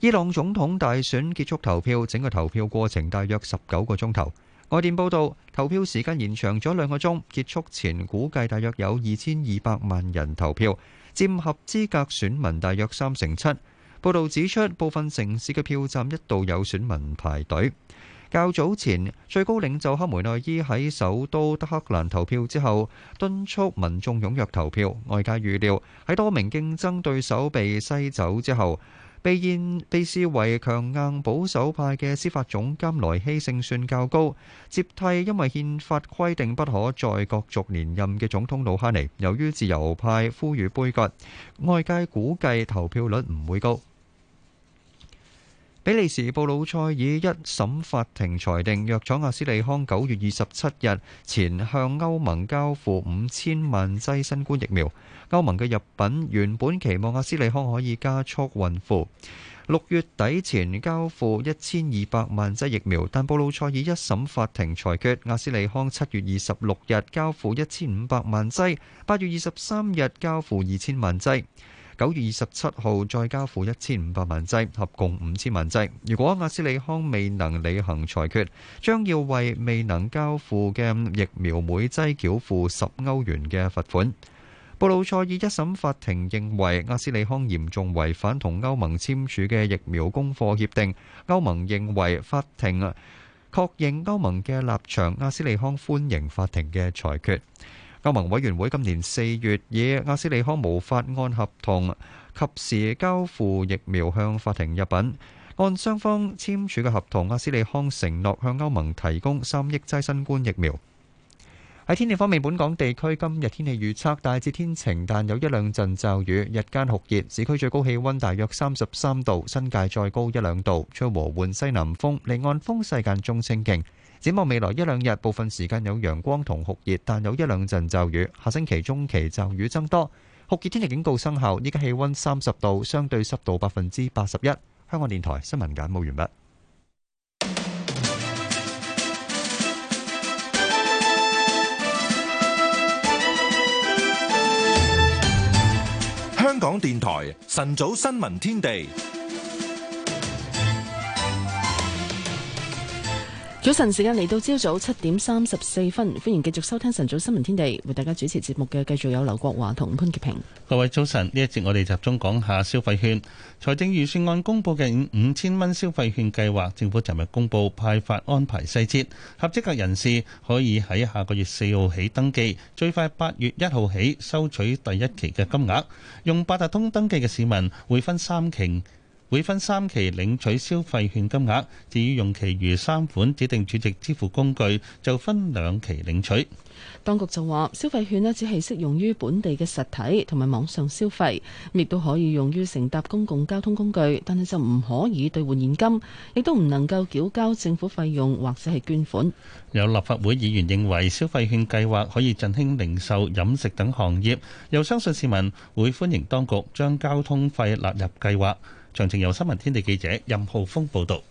伊朗總統大選結束投票，整個投票過程大約十九個鐘頭。外電報道，投票時間延長咗兩個鐘，結束前估計大約有二千二百萬人投票，佔合資格選民大約三成七。報道指出，部分城市嘅票站一度有選民排隊。較早前，最高領袖哈梅內伊喺首都德黑蘭投票之後，敦促民眾踴躍投票。外界預料喺多名競爭對手被篩走之後，被現被視為強硬保守派嘅司法總監萊希勝算較高，接替因為憲法規定不可再角逐連任嘅總統魯哈尼。由於自由派呼籲杯葛，外界估計投票率唔會高。比利時布魯塞爾一審法庭裁定，藥廠阿斯利康九月二十七日前向歐盟交付五千萬劑新冠疫苗。歐盟嘅入品原本期望阿斯利康可以加速運付，六月底前交付一千二百萬劑疫苗，但布魯塞爾一審法庭裁決，阿斯利康七月二十六日交付一千五百萬劑，八月二十三日交付二千萬劑。九月二十七號再交付一千五百萬劑，合共五千萬劑。如果阿斯利康未能履行裁決，將要為未能交付嘅疫苗每劑繳付十歐元嘅罰款。布魯塞爾一審法庭認為阿斯利康嚴重違反同歐盟簽署嘅疫苗供貨協定。歐盟認為法庭確認歐盟嘅立場，阿斯利康歡迎法庭嘅裁決。歐盟委員會今年四月以阿斯利康無法按合同及時交付疫苗向法庭入稟，按雙方簽署嘅合同，阿斯利康承諾向歐盟提供三億劑新冠疫苗。喺天氣方面，本港地區今日天氣預測大致天晴，但有一兩陣驟雨，日間酷熱，市區最高氣溫大約三十三度，新界再高一兩度，吹和緩西南風，離岸風勢間中清勁。展望未來一兩日，部分時間有陽光同酷熱，但有一兩陣驟雨。下星期中期驟雨增多，酷熱天氣警告生效。依家氣溫三十度，相對濕度百分之八十一。香港電台新聞簡報完畢。香港電台晨早新聞天地。早晨時間嚟到朝早七點三十四分，歡迎繼續收聽晨早新聞天地，為大家主持節目嘅繼續有劉國華同潘潔平。各位早晨，呢一節我哋集中講下消費券。財政預算案公布嘅五五千蚊消費券計劃，政府尋日公布派發安排細節，合資格嘅人士可以喺下個月四號起登記，最快八月一號起收取第一期嘅金額。用八達通登記嘅市民會分三期。會分三期領取消費券金額，至於用其餘三款指定儲值支付工具，就分兩期領取。當局就話，消費券呢只係適用於本地嘅實體同埋網上消費，亦都可以用於乘搭公共交通工具，但係就唔可以兌換現金，亦都唔能夠繳交政府費用或者係捐款。有立法會議員認為，消費券計劃可以振興零售、飲食等行業，又相信市民會歡迎當局將交通費納入計劃。詳情由新聞天地記者任浩峰報道。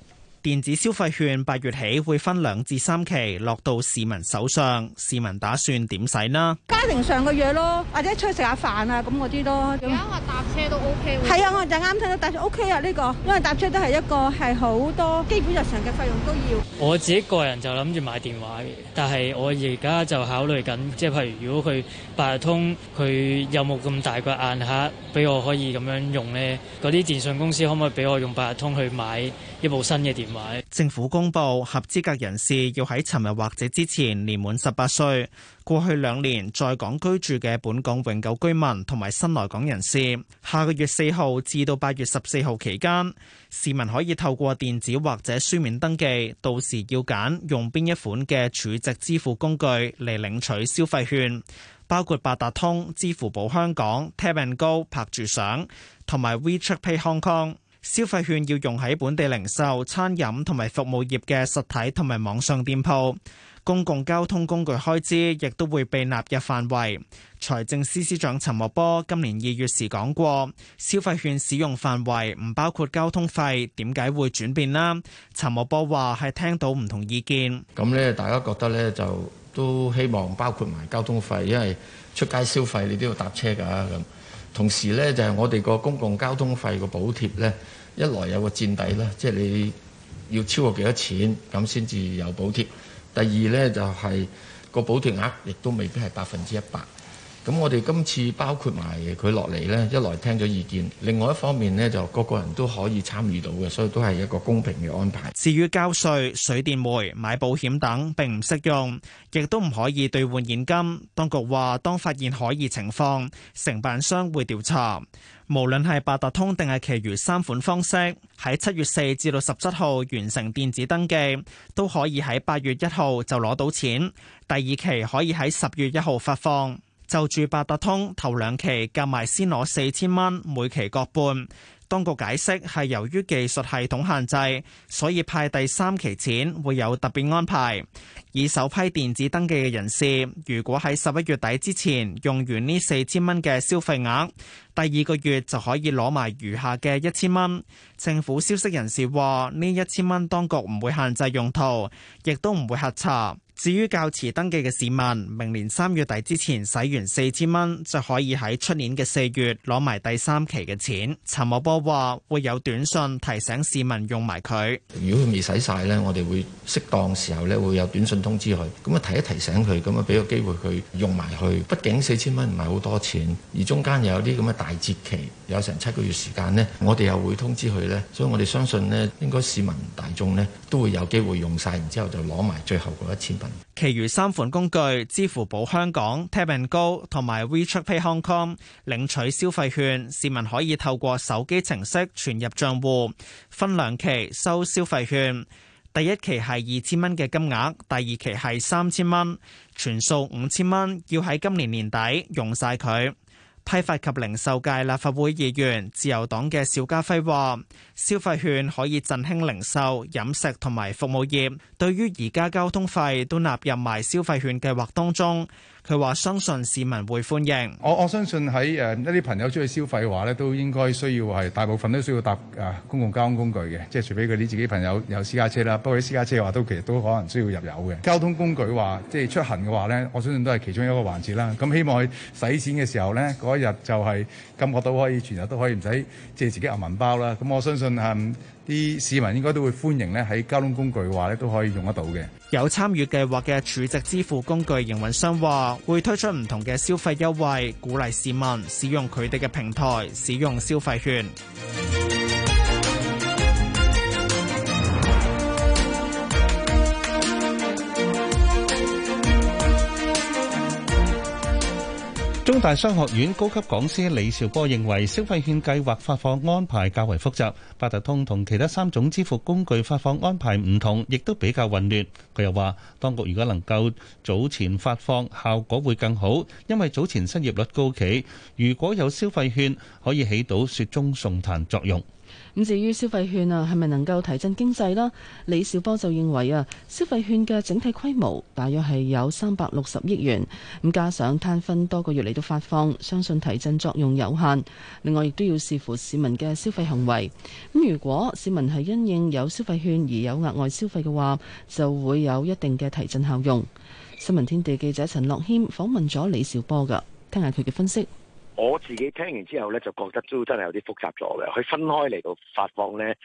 電子消費券八月起會分兩至三期落到市民手上，市民打算點使呢？家庭上嘅嘢咯，或者出去食下飯啊，咁嗰啲咯。而家我搭車都 OK。係啊，我就啱睇到搭車 OK 啊呢個，因為搭車都係一個係好多基本日常嘅費用都要。我自己個人就諗住買電話嘅，但係我而家就考慮緊，即係譬如如果佢八達通，佢有冇咁大個限額俾我可以咁樣用呢？嗰啲電信公司可唔可以俾我用八達通去買？一部新嘅電話。政府公布，合資格人士要喺尋日或者之前年滿十八歲，過去兩年在港居住嘅本港永久居民同埋新來港人士，下個月四號至到八月十四號期間，市民可以透過電子或者書面登記，到時要揀用邊一款嘅儲值支付工具嚟領取消費券，包括八達通、支付寶香港、Tap & Go 拍住賞同埋 WeChat Pay Hong Kong。消費券要用喺本地零售、餐飲同埋服務業嘅實體同埋網上店鋪，公共交通工具開支亦都會被納入範圍。財政司司長陳茂波今年二月時講過，消費券使用範圍唔包括交通費，點解會轉變呢？陳茂波話係聽到唔同意見。咁咧，大家覺得咧就都希望包括埋交通費，因為出街消費你都要搭車㗎。咁同時咧就係我哋個公共交通費個補貼咧。一來有個墊底啦，即係你要超過幾多錢咁先至有補貼。第二呢，就係、是、個補貼額亦都未必係百分之一百。咁我哋今次包括埋佢落嚟呢，一來聽咗意見，另外一方面呢，就個個人都可以參與到嘅，所以都係一個公平嘅安排。至於交稅、水電煤、買保險等並唔適用，亦都唔可以兌換現金。當局話，當發現可疑情況，承辦商會調查。無論係八達通定係其餘三款方式，喺七月四至到十七號完成電子登記，都可以喺八月一號就攞到錢。第二期可以喺十月一號發放。就住八達通頭兩期，夾埋先攞四千蚊，每期各半。當局解釋係由於技術系統限制，所以派第三期錢會有特別安排。以首批電子登記嘅人士，如果喺十一月底之前用完呢四千蚊嘅消費額，第二個月就可以攞埋餘下嘅一千蚊。政府消息人士話，呢一千蚊當局唔會限制用途，亦都唔會核查。至於較遲登記嘅市民，明年三月底之前使完四千蚊，就可以喺出年嘅四月攞埋第三期嘅錢。陳茂波話：會有短信提醒市民用埋佢。如果佢未使晒呢，我哋會適當時候呢會有短信通知佢，咁啊提一提醒佢，咁啊俾個機會佢用埋佢。畢竟四千蚊唔係好多錢，而中間又有啲咁嘅大節期，有成七個月時間呢，我哋又會通知佢呢。所以我哋相信呢應該市民大眾呢都會有機會用晒，然之後就攞埋最後嗰一千八。其餘三款工具：支付寶香港、Tap & Go 同埋 WeChat Pay Hong Kong，領取消費券，市民可以透過手機程式存入帳戶，分兩期收消費券。第一期係二千蚊嘅金額，第二期係三千蚊，全數五千蚊要喺今年年底用晒佢。批發及零售界立法會議員自由黨嘅邵家輝話：消費券可以振興零售、飲食同埋服務業，對於而家交通費都納入埋消費券計劃當中。佢話相信市民會歡迎我，我相信喺誒、呃、一啲朋友出去消費嘅話咧，都應該需要係大部分都需要搭啊、呃、公共交通工具嘅，即係除非佢啲自己朋友有私家車啦。不過啲私家車嘅話都其實都可能需要入油嘅。交通工具話即係出行嘅話咧，我相信都係其中一個環節啦。咁希望佢使錢嘅時候咧，嗰一日就係感覺都可以全日都可以唔使借自己壓銀包啦。咁我相信啊。呃啲市民應該都會歡迎咧，喺交通工具嘅話咧都可以用得到嘅。有參與計劃嘅儲值支付工具營運商話，會推出唔同嘅消費優惠，鼓勵市民使用佢哋嘅平台，使用消費券。中大商學院高級講師李兆波認為消費券計劃發放安排較為複雜，八達通同其他三種支付工具發放安排唔同，亦都比較混亂，佢又話當局如果能夠早前發放，效果會更好，因為早前失業率高企，如果有消費券，可以起到雪中送炭作用。咁至於消費券啊，係咪能夠提振經濟呢？李兆波就認為啊，消費券嘅整體規模大約係有三百六十億元，咁加上攤分多個月嚟到發放，相信提振作用有限。另外，亦都要視乎市民嘅消費行為。咁如果市民係因應有消費券而有額外消費嘅話，就會有一定嘅提振效用。新聞天地記者陳樂軒訪問咗李兆波㗎，聽下佢嘅分析。我自己聽完之後咧，就覺得都真係有啲複雜咗嘅。佢分開嚟到發放咧，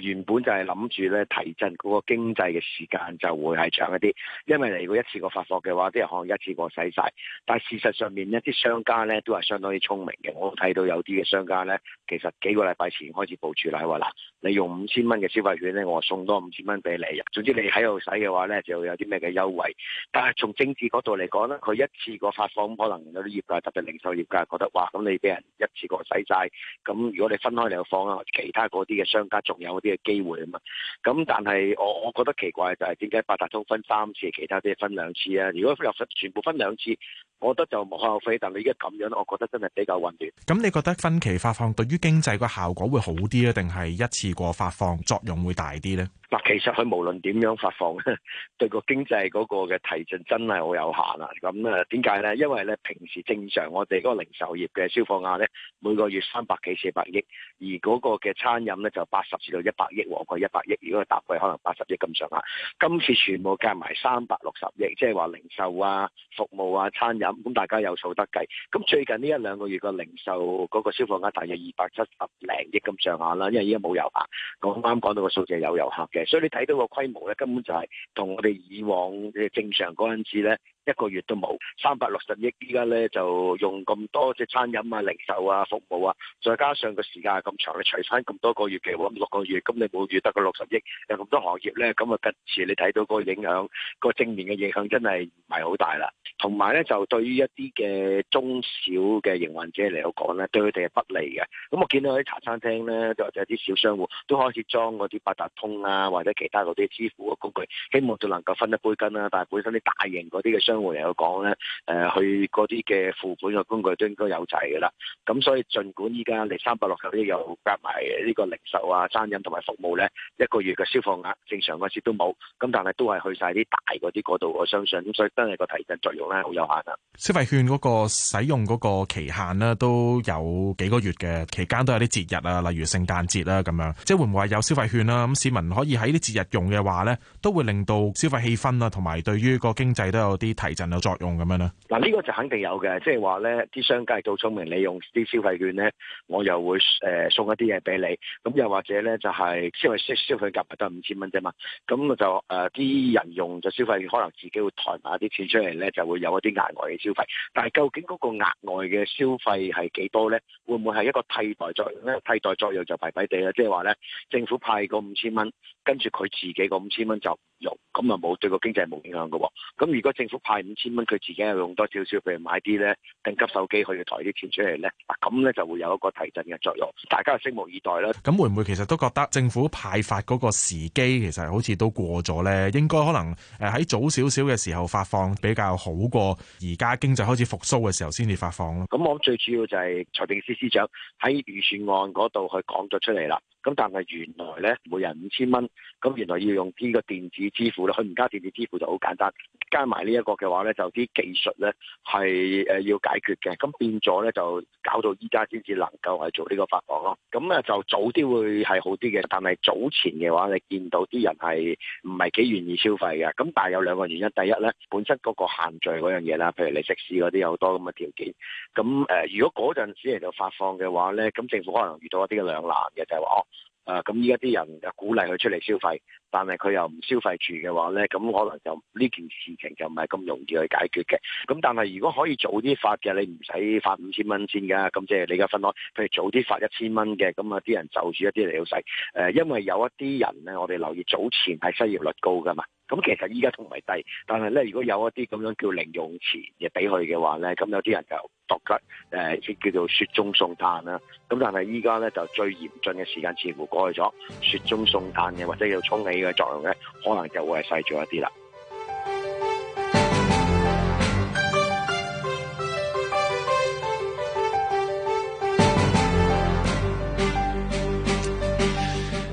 原本就係諗住咧提振嗰個經濟嘅時間就會係長一啲，因為如果一次過發放嘅話，啲人可能一次過使晒。但係事實上面，一啲商家咧都係相當之聰明嘅，我睇到有啲嘅商家咧，其實幾個禮拜前開始部署啦，話啦。你用五千蚊嘅消費券咧，我送多五千蚊俾你。總之你喺度使嘅話咧，就有啲咩嘅優惠。但係從政治角度嚟講咧，佢一次過發放，可能有啲業界，特別零售業界，覺得哇，咁你俾人一次過使晒。咁如果你分開嚟放啦，其他嗰啲嘅商家仲有啲嘅機會啊嘛。咁但係我我覺得奇怪就係點解八達通分三次，其他啲分兩次啊？如果全部分兩次，我覺得就無可厚非。但你而家咁樣，我覺得真係比較混亂。咁你覺得分期發放對於經濟個效果會好啲啊？定係一次過發放作用會大啲呢？嗱，其實佢無論點樣發放， 對經濟個經濟嗰個嘅提振真係好有限啦。咁啊，點解呢？因為呢，平時正常我哋嗰個零售業嘅消費額呢，每個月三百幾四百億，而嗰個嘅餐飲呢，就八十至到一百億，往個一百億，如果佢搭個可能八十億咁上下。今次全部加埋三百六十億，即係話零售啊、服務啊、餐飲，咁大家有數得計。咁最近呢一兩個月個零售嗰個消費額大約二百七十零億咁上下啦，因為而家冇有，有。嗱，啱啱講到個數字係有遊客嘅，所以你睇到個規模咧，根本就係同我哋以往嘅正常嗰陣時咧。一個月都冇三百六十億，依家呢，就用咁多隻餐飲啊、零售啊、服務啊，再加上個時間係咁長，你除翻咁多個月期，六個月，咁你每月得個六十億，有咁多行業呢，咁啊跟住，你睇到個影響、個正面嘅影響真係唔係好大啦。同埋呢，就對於一啲嘅中小嘅營運者嚟講呢，對佢哋係不利嘅。咁我見到喺茶餐廳呢，或者啲小商戶都開始裝嗰啲八達通啊，或者其他嗰啲支付嘅工具，希望就能夠分一杯羹啦、啊。但係本身啲大型嗰啲嘅商我有講咧，誒，去嗰啲嘅付款嘅工具都應該有齊嘅啦。咁所以，儘管依家零三百六十九都有夾埋呢個零售啊、餐飲同埋服務咧，一個月嘅消費額正常嗰時都冇。咁但係都係去晒啲大嗰啲嗰度，我相信。咁所以真係個提振作用咧，好有限噶。消費券嗰個使用嗰個期限咧都有幾個月嘅期間，都有啲節日啊，例如聖誕節啦咁樣，即會唔會有消費券啦。咁市民可以喺啲節日用嘅話咧，都會令到消費氣氛啊，同埋對於個經濟都有啲提，提振有作用咁樣啦。嗱，呢個就肯定有嘅，即係話咧，啲商家係做聰明，你用啲消費券咧，我又會誒、呃、送一啲嘢俾你，咁又或者咧就係消費消消費價唔得五千蚊啫嘛，咁我就誒啲人用咗消費券，可能自己會抬埋一啲錢出嚟咧，就會有一啲額外嘅消費，但係究竟嗰個額外嘅消費係幾多咧？會唔會係一個替代作用咧？替代作用就弊弊地啦，即係話咧，政府派個五千蚊，跟住佢自己個五千蚊就。用咁啊冇對個經濟係冇影響噶，咁如果政府派五千蚊，佢自己又用多少少譬如買啲咧應急手機，去以抬啲錢出嚟咧，嗱咁咧就會有一個提振嘅作用，大家係拭目以待啦。咁會唔會其實都覺得政府派發嗰個時機，其實好似都過咗咧？應該可能誒喺早少少嘅時候發放比較好過，而家經濟開始復蘇嘅時候先至發放咯。咁我最主要就係財政司司長喺預算案嗰度去講咗出嚟啦。咁但係原來咧，每人五千蚊，咁、嗯、原來要用呢個電子支付咯。佢唔加電子支付就好簡單。加埋呢一個嘅話咧，就啲技術咧係誒要解決嘅。咁、嗯、變咗咧就搞到依家先至能夠係做呢個發放咯。咁、嗯、啊就早啲會係好啲嘅。但係早前嘅話，你見到啲人係唔係幾願意消費嘅？咁、嗯、但係有兩個原因。第一咧，本身嗰個限聚嗰樣嘢啦，譬如你食肆嗰啲有好多咁嘅條件。咁、嗯、誒、呃，如果嗰陣時嚟到發放嘅話咧，咁政府可能遇到一啲嘅兩難嘅，就係、是、話啊，咁依家啲人就鼓勵佢出嚟消費。但係佢又唔消費住嘅話咧，咁可能就呢件事情就唔係咁容易去解決嘅。咁但係如果可以早啲發嘅，你唔使發五千蚊先㗎。咁即係你而家分開，譬如早啲發一千蚊嘅，咁啊啲人就住一啲嚟到使。誒、呃，因為有一啲人咧，我哋留意早前係失業率高㗎嘛。咁其實依家同埋低，但係咧如果有一啲咁樣叫零用錢嘅俾佢嘅話咧，咁有啲人就覺得即叫做雪中送炭啦、啊。咁但係依家咧就最嚴峻嘅時間似乎過去咗，雪中送炭嘅或者要充氣嘅作用咧，可能就會係細咗一啲啦。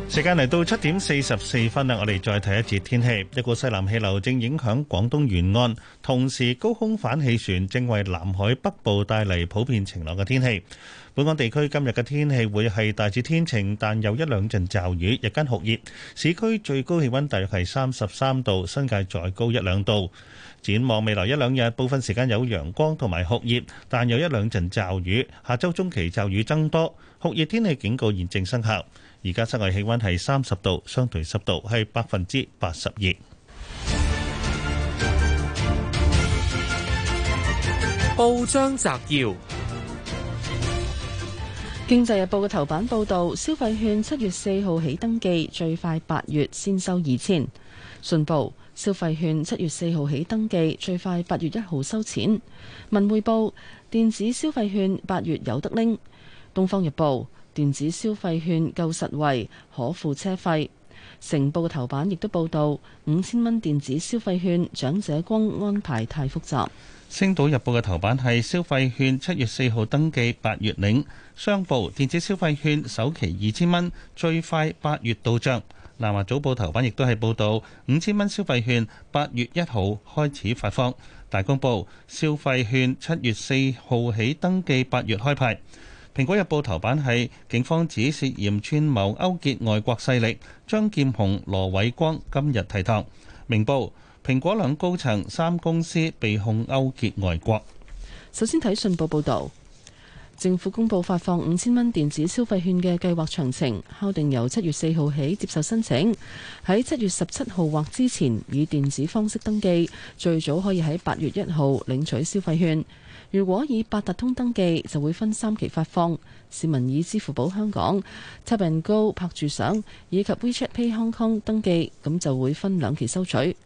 時間嚟到七點四十四分啦，我哋再睇一節天氣。一股西南氣流正影響廣東沿岸，同時高空反氣旋正為南海北部帶嚟普遍晴朗嘅天氣。本港地區今日嘅天氣會係大致天晴，但有一兩陣驟雨，日間酷熱。市區最高氣温大約係三十三度，新界再高一兩度。展望未來一兩日，部分時間有陽光同埋酷熱，但有一兩陣驟雨。下週中期驟雨增多，酷熱天氣警告現正生效。而家室外氣温係三十度，相對濕度係百分之八十二。報章摘要。經濟日報嘅頭版報道，消費券七月四號起登記，最快八月先收二千。信報：消費券七月四號起登記，最快八月一號收錢。文匯報：電子消費券八月有得拎。東方日報：電子消費券夠實惠，可付車費。成報嘅頭版亦都報道五千蚊電子消費券，長者光安排太複雜。星島日報嘅頭版係消費券七月四號登記，八月領。商報，電子消費券首期二千蚊，最快八月到帳。南華早報頭版亦都係報道五千蚊消費券八月一號開始發放。大公報，消費券七月四號起登記，八月開派。《蘋果日報》頭版係警方指涉嫌串謀勾結外國勢力，張劍虹、羅偉光今日提堂。《明報》蘋果兩高層三公司被控勾結外國。首先睇信報報道，政府公布發放五千蚊電子消費券嘅計劃詳情，敲定由七月四號起接受申請，喺七月十七號或之前以電子方式登記，最早可以喺八月一號領取消費券。如果以八達通登記，就會分三期發放；市民以支付寶香港、Tap & Go 拍住賞以及 WeChat Pay Hong Kong 登記，咁就會分兩期收取。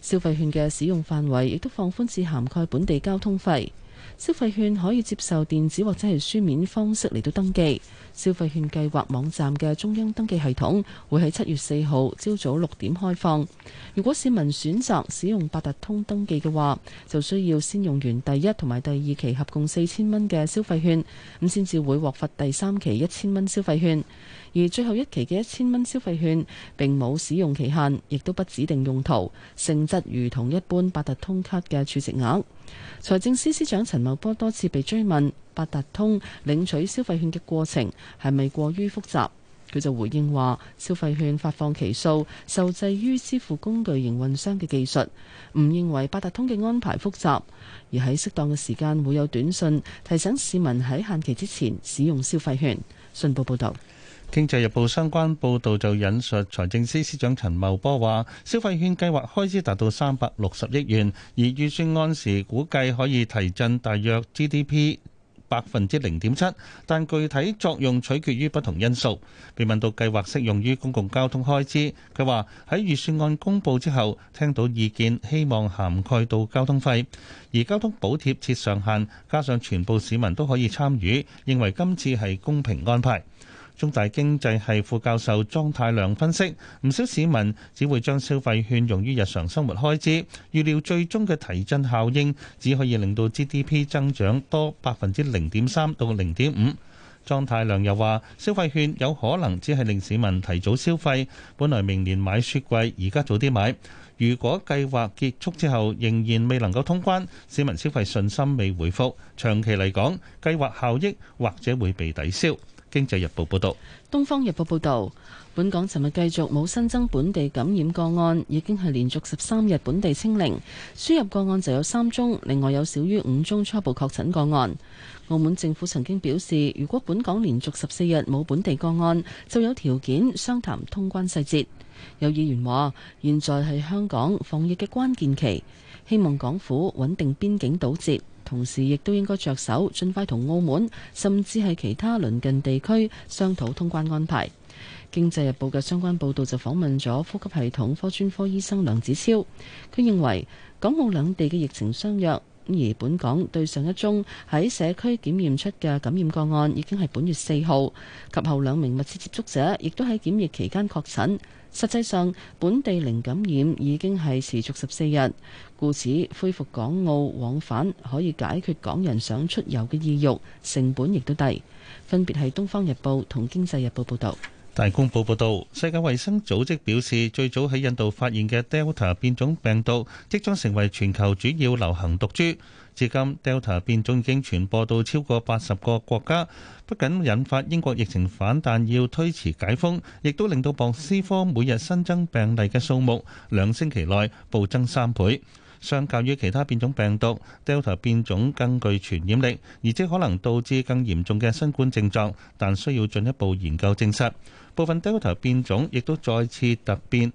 消費券嘅使用範圍亦都放寬至涵蓋本地交通費。消費券可以接受電子或者係書面方式嚟到登記。消費券計劃網站嘅中央登記系統會喺七月四號朝早六點開放。如果市民選擇使用八達通登記嘅話，就需要先用完第一同埋第二期合共四千蚊嘅消費券，咁先至會獲發第三期一千蚊消費券。而最後一期嘅一千蚊消費券並冇使用期限，亦都不指定用途，性質如同一般八達通卡嘅儲值額。財政司司長陳茂波多次被追問八達通領取消費券嘅過程係咪過於複雜，佢就回應話：消費券發放期數受制於支付工具營運商嘅技術，唔認為八達通嘅安排複雜，而喺適當嘅時間會有短信提醒市民喺限期之前使用消費券。信報報導。經濟日報相關報導就引述財政司司長陳茂波話：消費券計劃開支達到三百六十億元，而預算案時估計可以提振大約 GDP 百分之零點七，但具體作用取決於不同因素。被問到計劃適用於公共交通開支，佢話喺預算案公布之後聽到意見，希望涵蓋到交通費，而交通補貼設上限，加上全部市民都可以參與，認為今次係公平安排。中大經濟系副教授莊太良分析，唔少市民只會將消費券用於日常生活開支，預料最終嘅提振效應只可以令到 GDP 增長多百分之零點三到零點五。莊太良又話，消費券有可能只係令市民提早消費，本來明年買雪櫃，而家早啲買。如果計劃結束之後仍然未能夠通關，市民消費信心未回復，長期嚟講，計劃效益或者會被抵消。經濟日報報道，東方日報報道，本港尋日繼續冇新增本地感染個案，已經係連續十三日本地清零，輸入個案就有三宗，另外有少於五宗初步確診個案。澳門政府曾經表示，如果本港連續十四日冇本地個案，就有條件商談通關細節。有議員話，現在係香港防疫嘅關鍵期，希望港府穩定邊境堵截。同時，亦都應該着手盡快同澳門，甚至係其他鄰近地區商討通關安排。經濟日報嘅相關報導就訪問咗呼吸系統科專科醫生梁子超，佢認為港澳兩地嘅疫情相若，而本港對上一宗喺社區檢驗出嘅感染個案已經係本月四號，及後兩名密切接觸者，亦都喺檢疫期間確診。實際上，本地零感染已經係持續十四日，故此恢復港澳往返可以解決港人想出遊嘅意欲，成本亦都低。分別係《東方日報》同《經濟日報》報導。大公報報導，世界衛生組織表示，最早喺印度發現嘅 Delta 變種病毒，即將成為全球主要流行毒株。至今，Delta 變種已經傳播到超過八十個國家，不僅引發英國疫情反彈，要推遲解封，亦都令到博斯科每日新增病例嘅數目兩星期內暴增三倍。相較於其他變種病毒，Delta 變種更具傳染力，而且可能導致更嚴重嘅新冠症狀，但需要進一步研究證實。部分 Delta 變種亦都再次突變。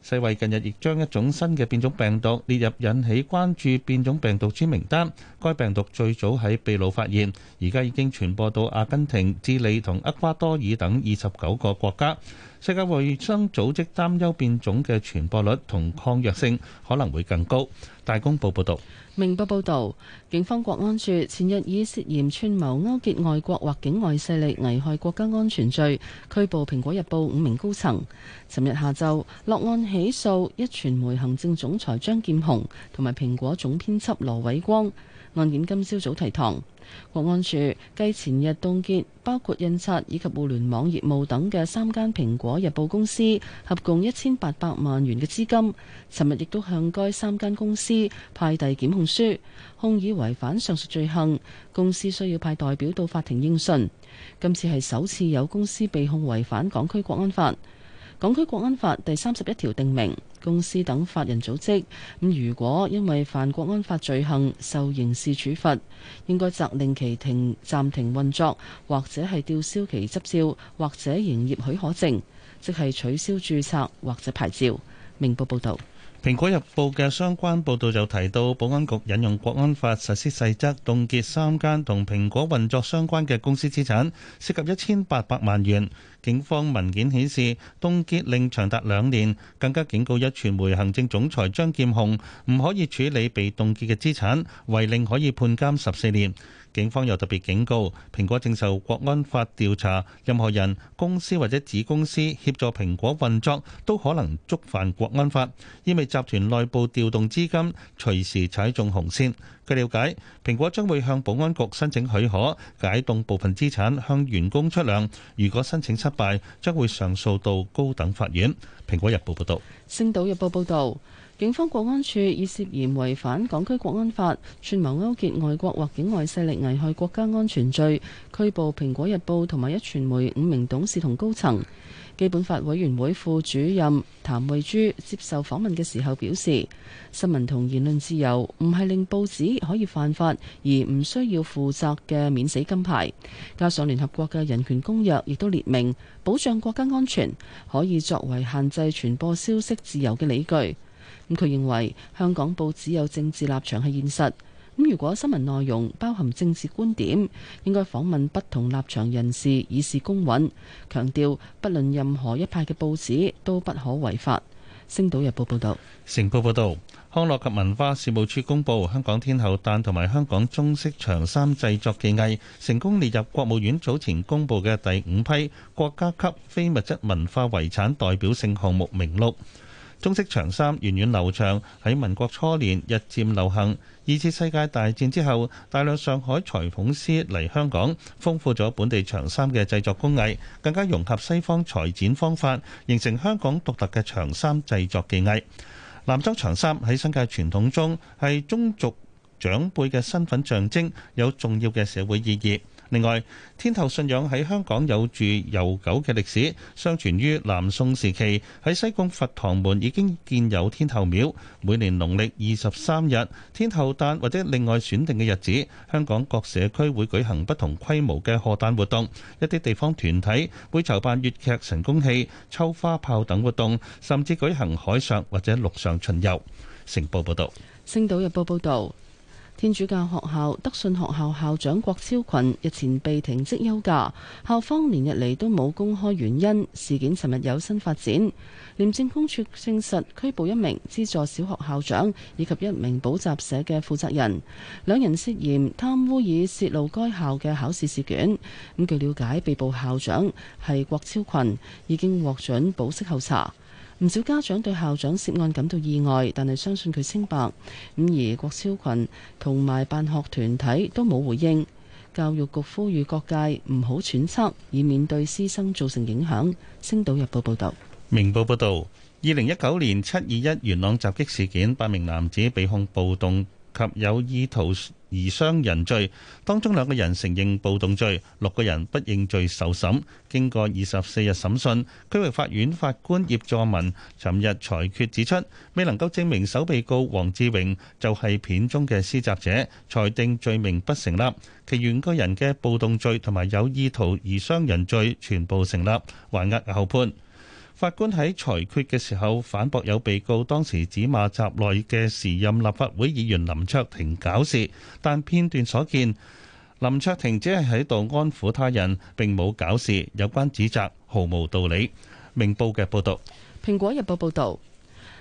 世衛近日亦將一種新嘅變種病毒列入引起關注變種病毒之名單。該病毒最早喺秘魯發現，而家已經傳播到阿根廷、智利同厄瓜多爾等二十九個國家。世界衛生組織擔憂變種嘅傳播率同抗藥性可能會更高。大公報報道，明報報道，警方國安處前日以涉嫌串謀勾結外國或境外勢力危害國家安全罪拘捕蘋果日報五名高層。尋日下晝落案起訴壹傳媒行政總裁張劍虹，同埋蘋果總編輯羅偉光。案件今朝早，早提堂，國安處繼前日凍結包括印刷以及互聯網業務，業務等嘅三間蘋果日報公司，合共一千八百萬元嘅資金。尋日亦都向該三間公司派遞檢控書，控以違反上述罪行，公司需要派代表到法庭應訊。今次係首次有公司被控違反港區國安法。港區國安法第三十一條定明，公司等法人組織咁，如果因為犯國安法罪行受刑事處罰，應該責令其停暫停運作，或者係吊銷其執照或者營業許可證，即係取消註冊或者牌照。明報報導。《蘋果日報》嘅相關報導就提到，保安局引用《國安法》實施細則，凍結三間同蘋果運作相關嘅公司資產，涉及一千八百萬元。警方文件顯示，凍結令長達兩年，更加警告壹傳媒行政總裁張劍虹唔可以處理被凍結嘅資產，違令可以判監十四年。警方又特別警告，蘋果正受國安法調查，任何人、公司或者子公司協助蘋果運作，都可能觸犯國安法，意味集團內部調動資金，隨時踩中紅線。據了解，蘋果將會向保安局申請許可，解凍部分資產向員工出糧。如果申請失敗，將會上訴到高等法院。蘋果日報報道。星島日報報導。警方國安處以涉嫌違反港區國安法、串謀勾結外國或境外勢力危害國家安全罪，拘捕《蘋果日報》同埋《壹傳媒》五名董事同高層。基本法委員會副主任譚惠珠接受訪問嘅時候表示，新聞同言論自由唔係令報紙可以犯法而唔需要負責嘅免死金牌。加上聯合國嘅人權公約亦都列明，保障國家安全可以作為限制傳播消息自由嘅理據。佢認為香港報紙有政治立場係現實，咁如果新聞內容包含政治觀點，應該訪問不同立場人士以示公允。強調不論任何一派嘅報紙都不可違法。《星島日報》報道。《成報》報道，康樂及文化事務處公布，香港天后誕同埋香港中式長衫製作技藝成功列入國務院早前公布嘅第五批國家級非物質文化遺產代表性項目名錄。中式長衫源遠，遠流長，喺民國初年日漸流行。二次世界大戰之後，大量上海裁縫師嚟香港，豐富咗本地長衫嘅製作工藝，更加融合西方裁剪方法，形成香港獨特嘅長衫製作技藝。南洲長衫喺新界傳統中係宗族長輩嘅身份象徵，有重要嘅社會意義。另外，天後信仰喺香港有著悠久嘅歷史，相傳於南宋時期喺西貢佛堂門已經建有天后廟，每年農曆二十三日，天后誕或者另外選定嘅日子，香港各社區會舉行不同規模嘅賀誕活動，一啲地方團體會籌辦粵劇神功戲抽花炮等活動，甚至舉行海上或者陸上巡遊，成報報道，星島日報報道。天主教學校德信學校校長郭超群日前被停職休假，校方連日嚟都冇公開原因。事件尋日有新發展，廉政公署證實拘捕一名資助小學校長以及一名補習社嘅負責人，兩人涉嫌貪污以洩露該校嘅考試試卷。咁據了解，被捕校長係郭超群，已經獲准保釋候查。唔少家長對校長涉案感到意外，但係相信佢清白。咁而郭超群同埋辦學團體都冇回應。教育局呼籲各界唔好揣測，以免對師生造成影響。星島日報報道，明報報道，二零一九年七二一元朗襲擊事件，八名男子被控暴動。及有意圖而傷人罪，當中兩個人承認暴動罪，六個人不認罪受審。經過二十四日審訊，區域法院法官葉作文尋日裁決指出，未能夠證明首被告黃志榮就係片中嘅施襲者，裁定罪名不成立。其餘個人嘅暴動罪同埋有意圖而傷人罪全部成立，還押候判。法官喺裁決嘅時候反駁有被告當時指罵閘內嘅時任立法會議員林卓廷搞事，但片段所見，林卓廷只係喺度安撫他人，並冇搞事。有關指責毫無道理。明報嘅報導。《蘋果日報》報導，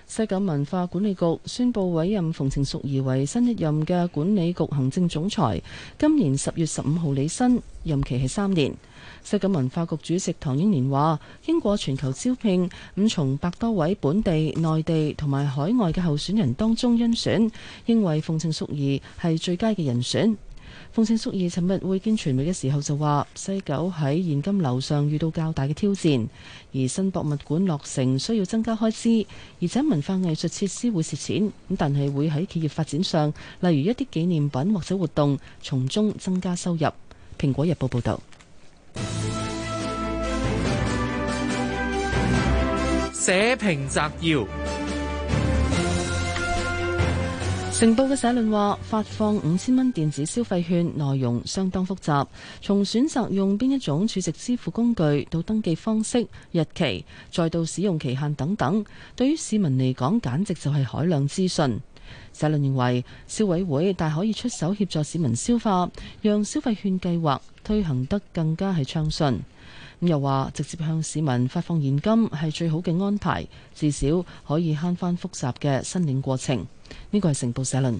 西九文化管理局宣布委任馮程淑儀為新一任嘅管理局行政總裁，今年十月十五號履新，任期係三年。西九文化局主席唐英年話，經過全球招聘，咁從百多位本地、內地同埋海外嘅候選人當中甄選，因為馮程淑儀係最佳嘅人選。馮程淑儀尋日會見傳媒嘅時候就話西九喺現金流上遇到較大嘅挑戰，而新博物館落成需要增加開支，而且文化藝術設施會蝕錢，咁但係會喺企業發展上，例如一啲紀念品或者活動從中增加收入。《蘋果日報》報道。社評摘要，成報嘅社論話，發放五千蚊電子消費券內容相當複雜，從選擇用邊一種儲值支付工具到登記方式、日期，再到使用期限等等，對於市民嚟講簡直就係海量資訊。社論認為消委會大可以出手協助市民消化，讓消費券計劃推行得更加係暢順。咁又話直接向市民發放現金係最好嘅安排，至少可以慳翻複雜嘅申領過程。呢個係成報社論。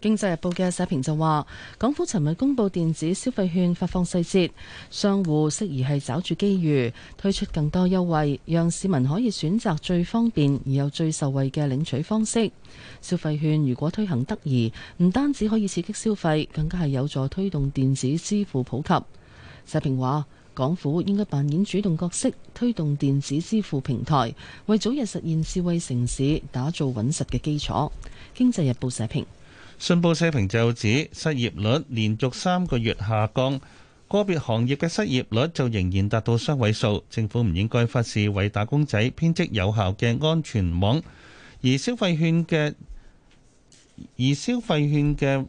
經濟日報嘅社評就話，港府尋日公布電子消費券發放細節，商戶適宜係抓住機遇推出更多優惠，讓市民可以選擇最方便而又最受惠嘅領取方式。消費券如果推行得宜，唔單止可以刺激消費，更加係有助推動電子支付普及。社評話，港府應該扮演主動角色，推動電子支付平台，為早日實現智慧城市打造穩實嘅基礎。經濟日報社評。信報社評就指失業率連續三個月下降，個別行業嘅失業率就仍然達到雙位數。政府唔應該忽視為打工仔編織有效嘅安全網，而消費券嘅而消費券嘅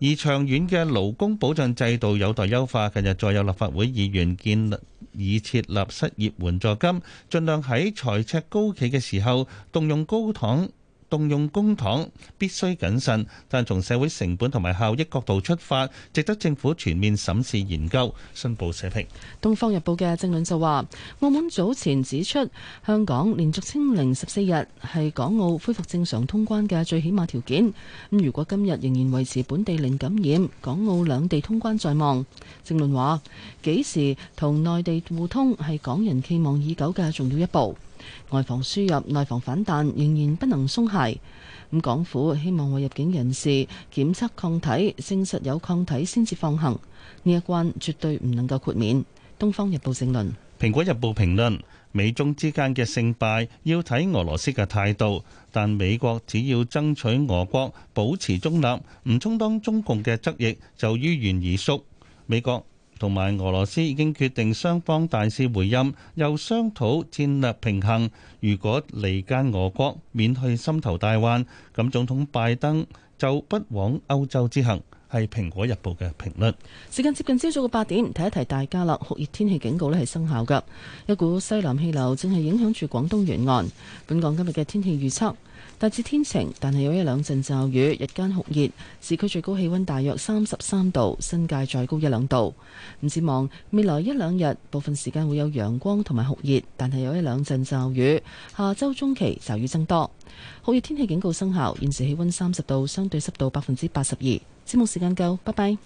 而長遠嘅勞工保障制度有待優化。近日再有立法會議員建議設立失業援助金，盡量喺財赤高企嘅時候動用高糖。動用公帑必須謹慎，但從社會成本同埋效益角度出發，值得政府全面審視研究。新報社評，《東方日報》嘅政論就話，澳門早前指出，香港連續清零十四日係港澳恢復正常通關嘅最起碼條件。咁如果今日仍然維持本地零感染，港澳兩地通關在望。政論話：幾時同內地互通係港人期望已久嘅重要一步。外防輸入、內防反彈，仍然不能鬆懈。咁港府希望我入境人士檢測抗體，證實有抗體先至放行，呢一關絕對唔能夠豁免。《東方日報》正論，《蘋果日報》評論美中之間嘅勝敗要睇俄羅斯嘅態度，但美國只要爭取俄國保持中立，唔充當中共嘅側翼，就於願而縮。美國。同埋，俄羅斯已經決定雙方大使回任，又商討戰略平衡。如果離間俄國，免去心頭大患，咁總統拜登就不枉歐洲之行。係《蘋果日報》嘅評論。時間接近朝早嘅八點，提一提大家啦，酷熱天氣警告咧係生效嘅，一股西南氣流正係影響住廣東沿岸。本港今日嘅天氣預測。大致天晴，但係有一兩陣驟雨。日間酷熱，市區最高氣溫大約三十三度，新界再高一兩度。唔指望未來一兩日部分時間會有陽光同埋酷熱，但係有一兩陣驟雨。下週中期驟雨增多，酷熱天氣警告生效。現時氣溫三十度，相對濕度百分之八十二。節目時間夠，拜拜。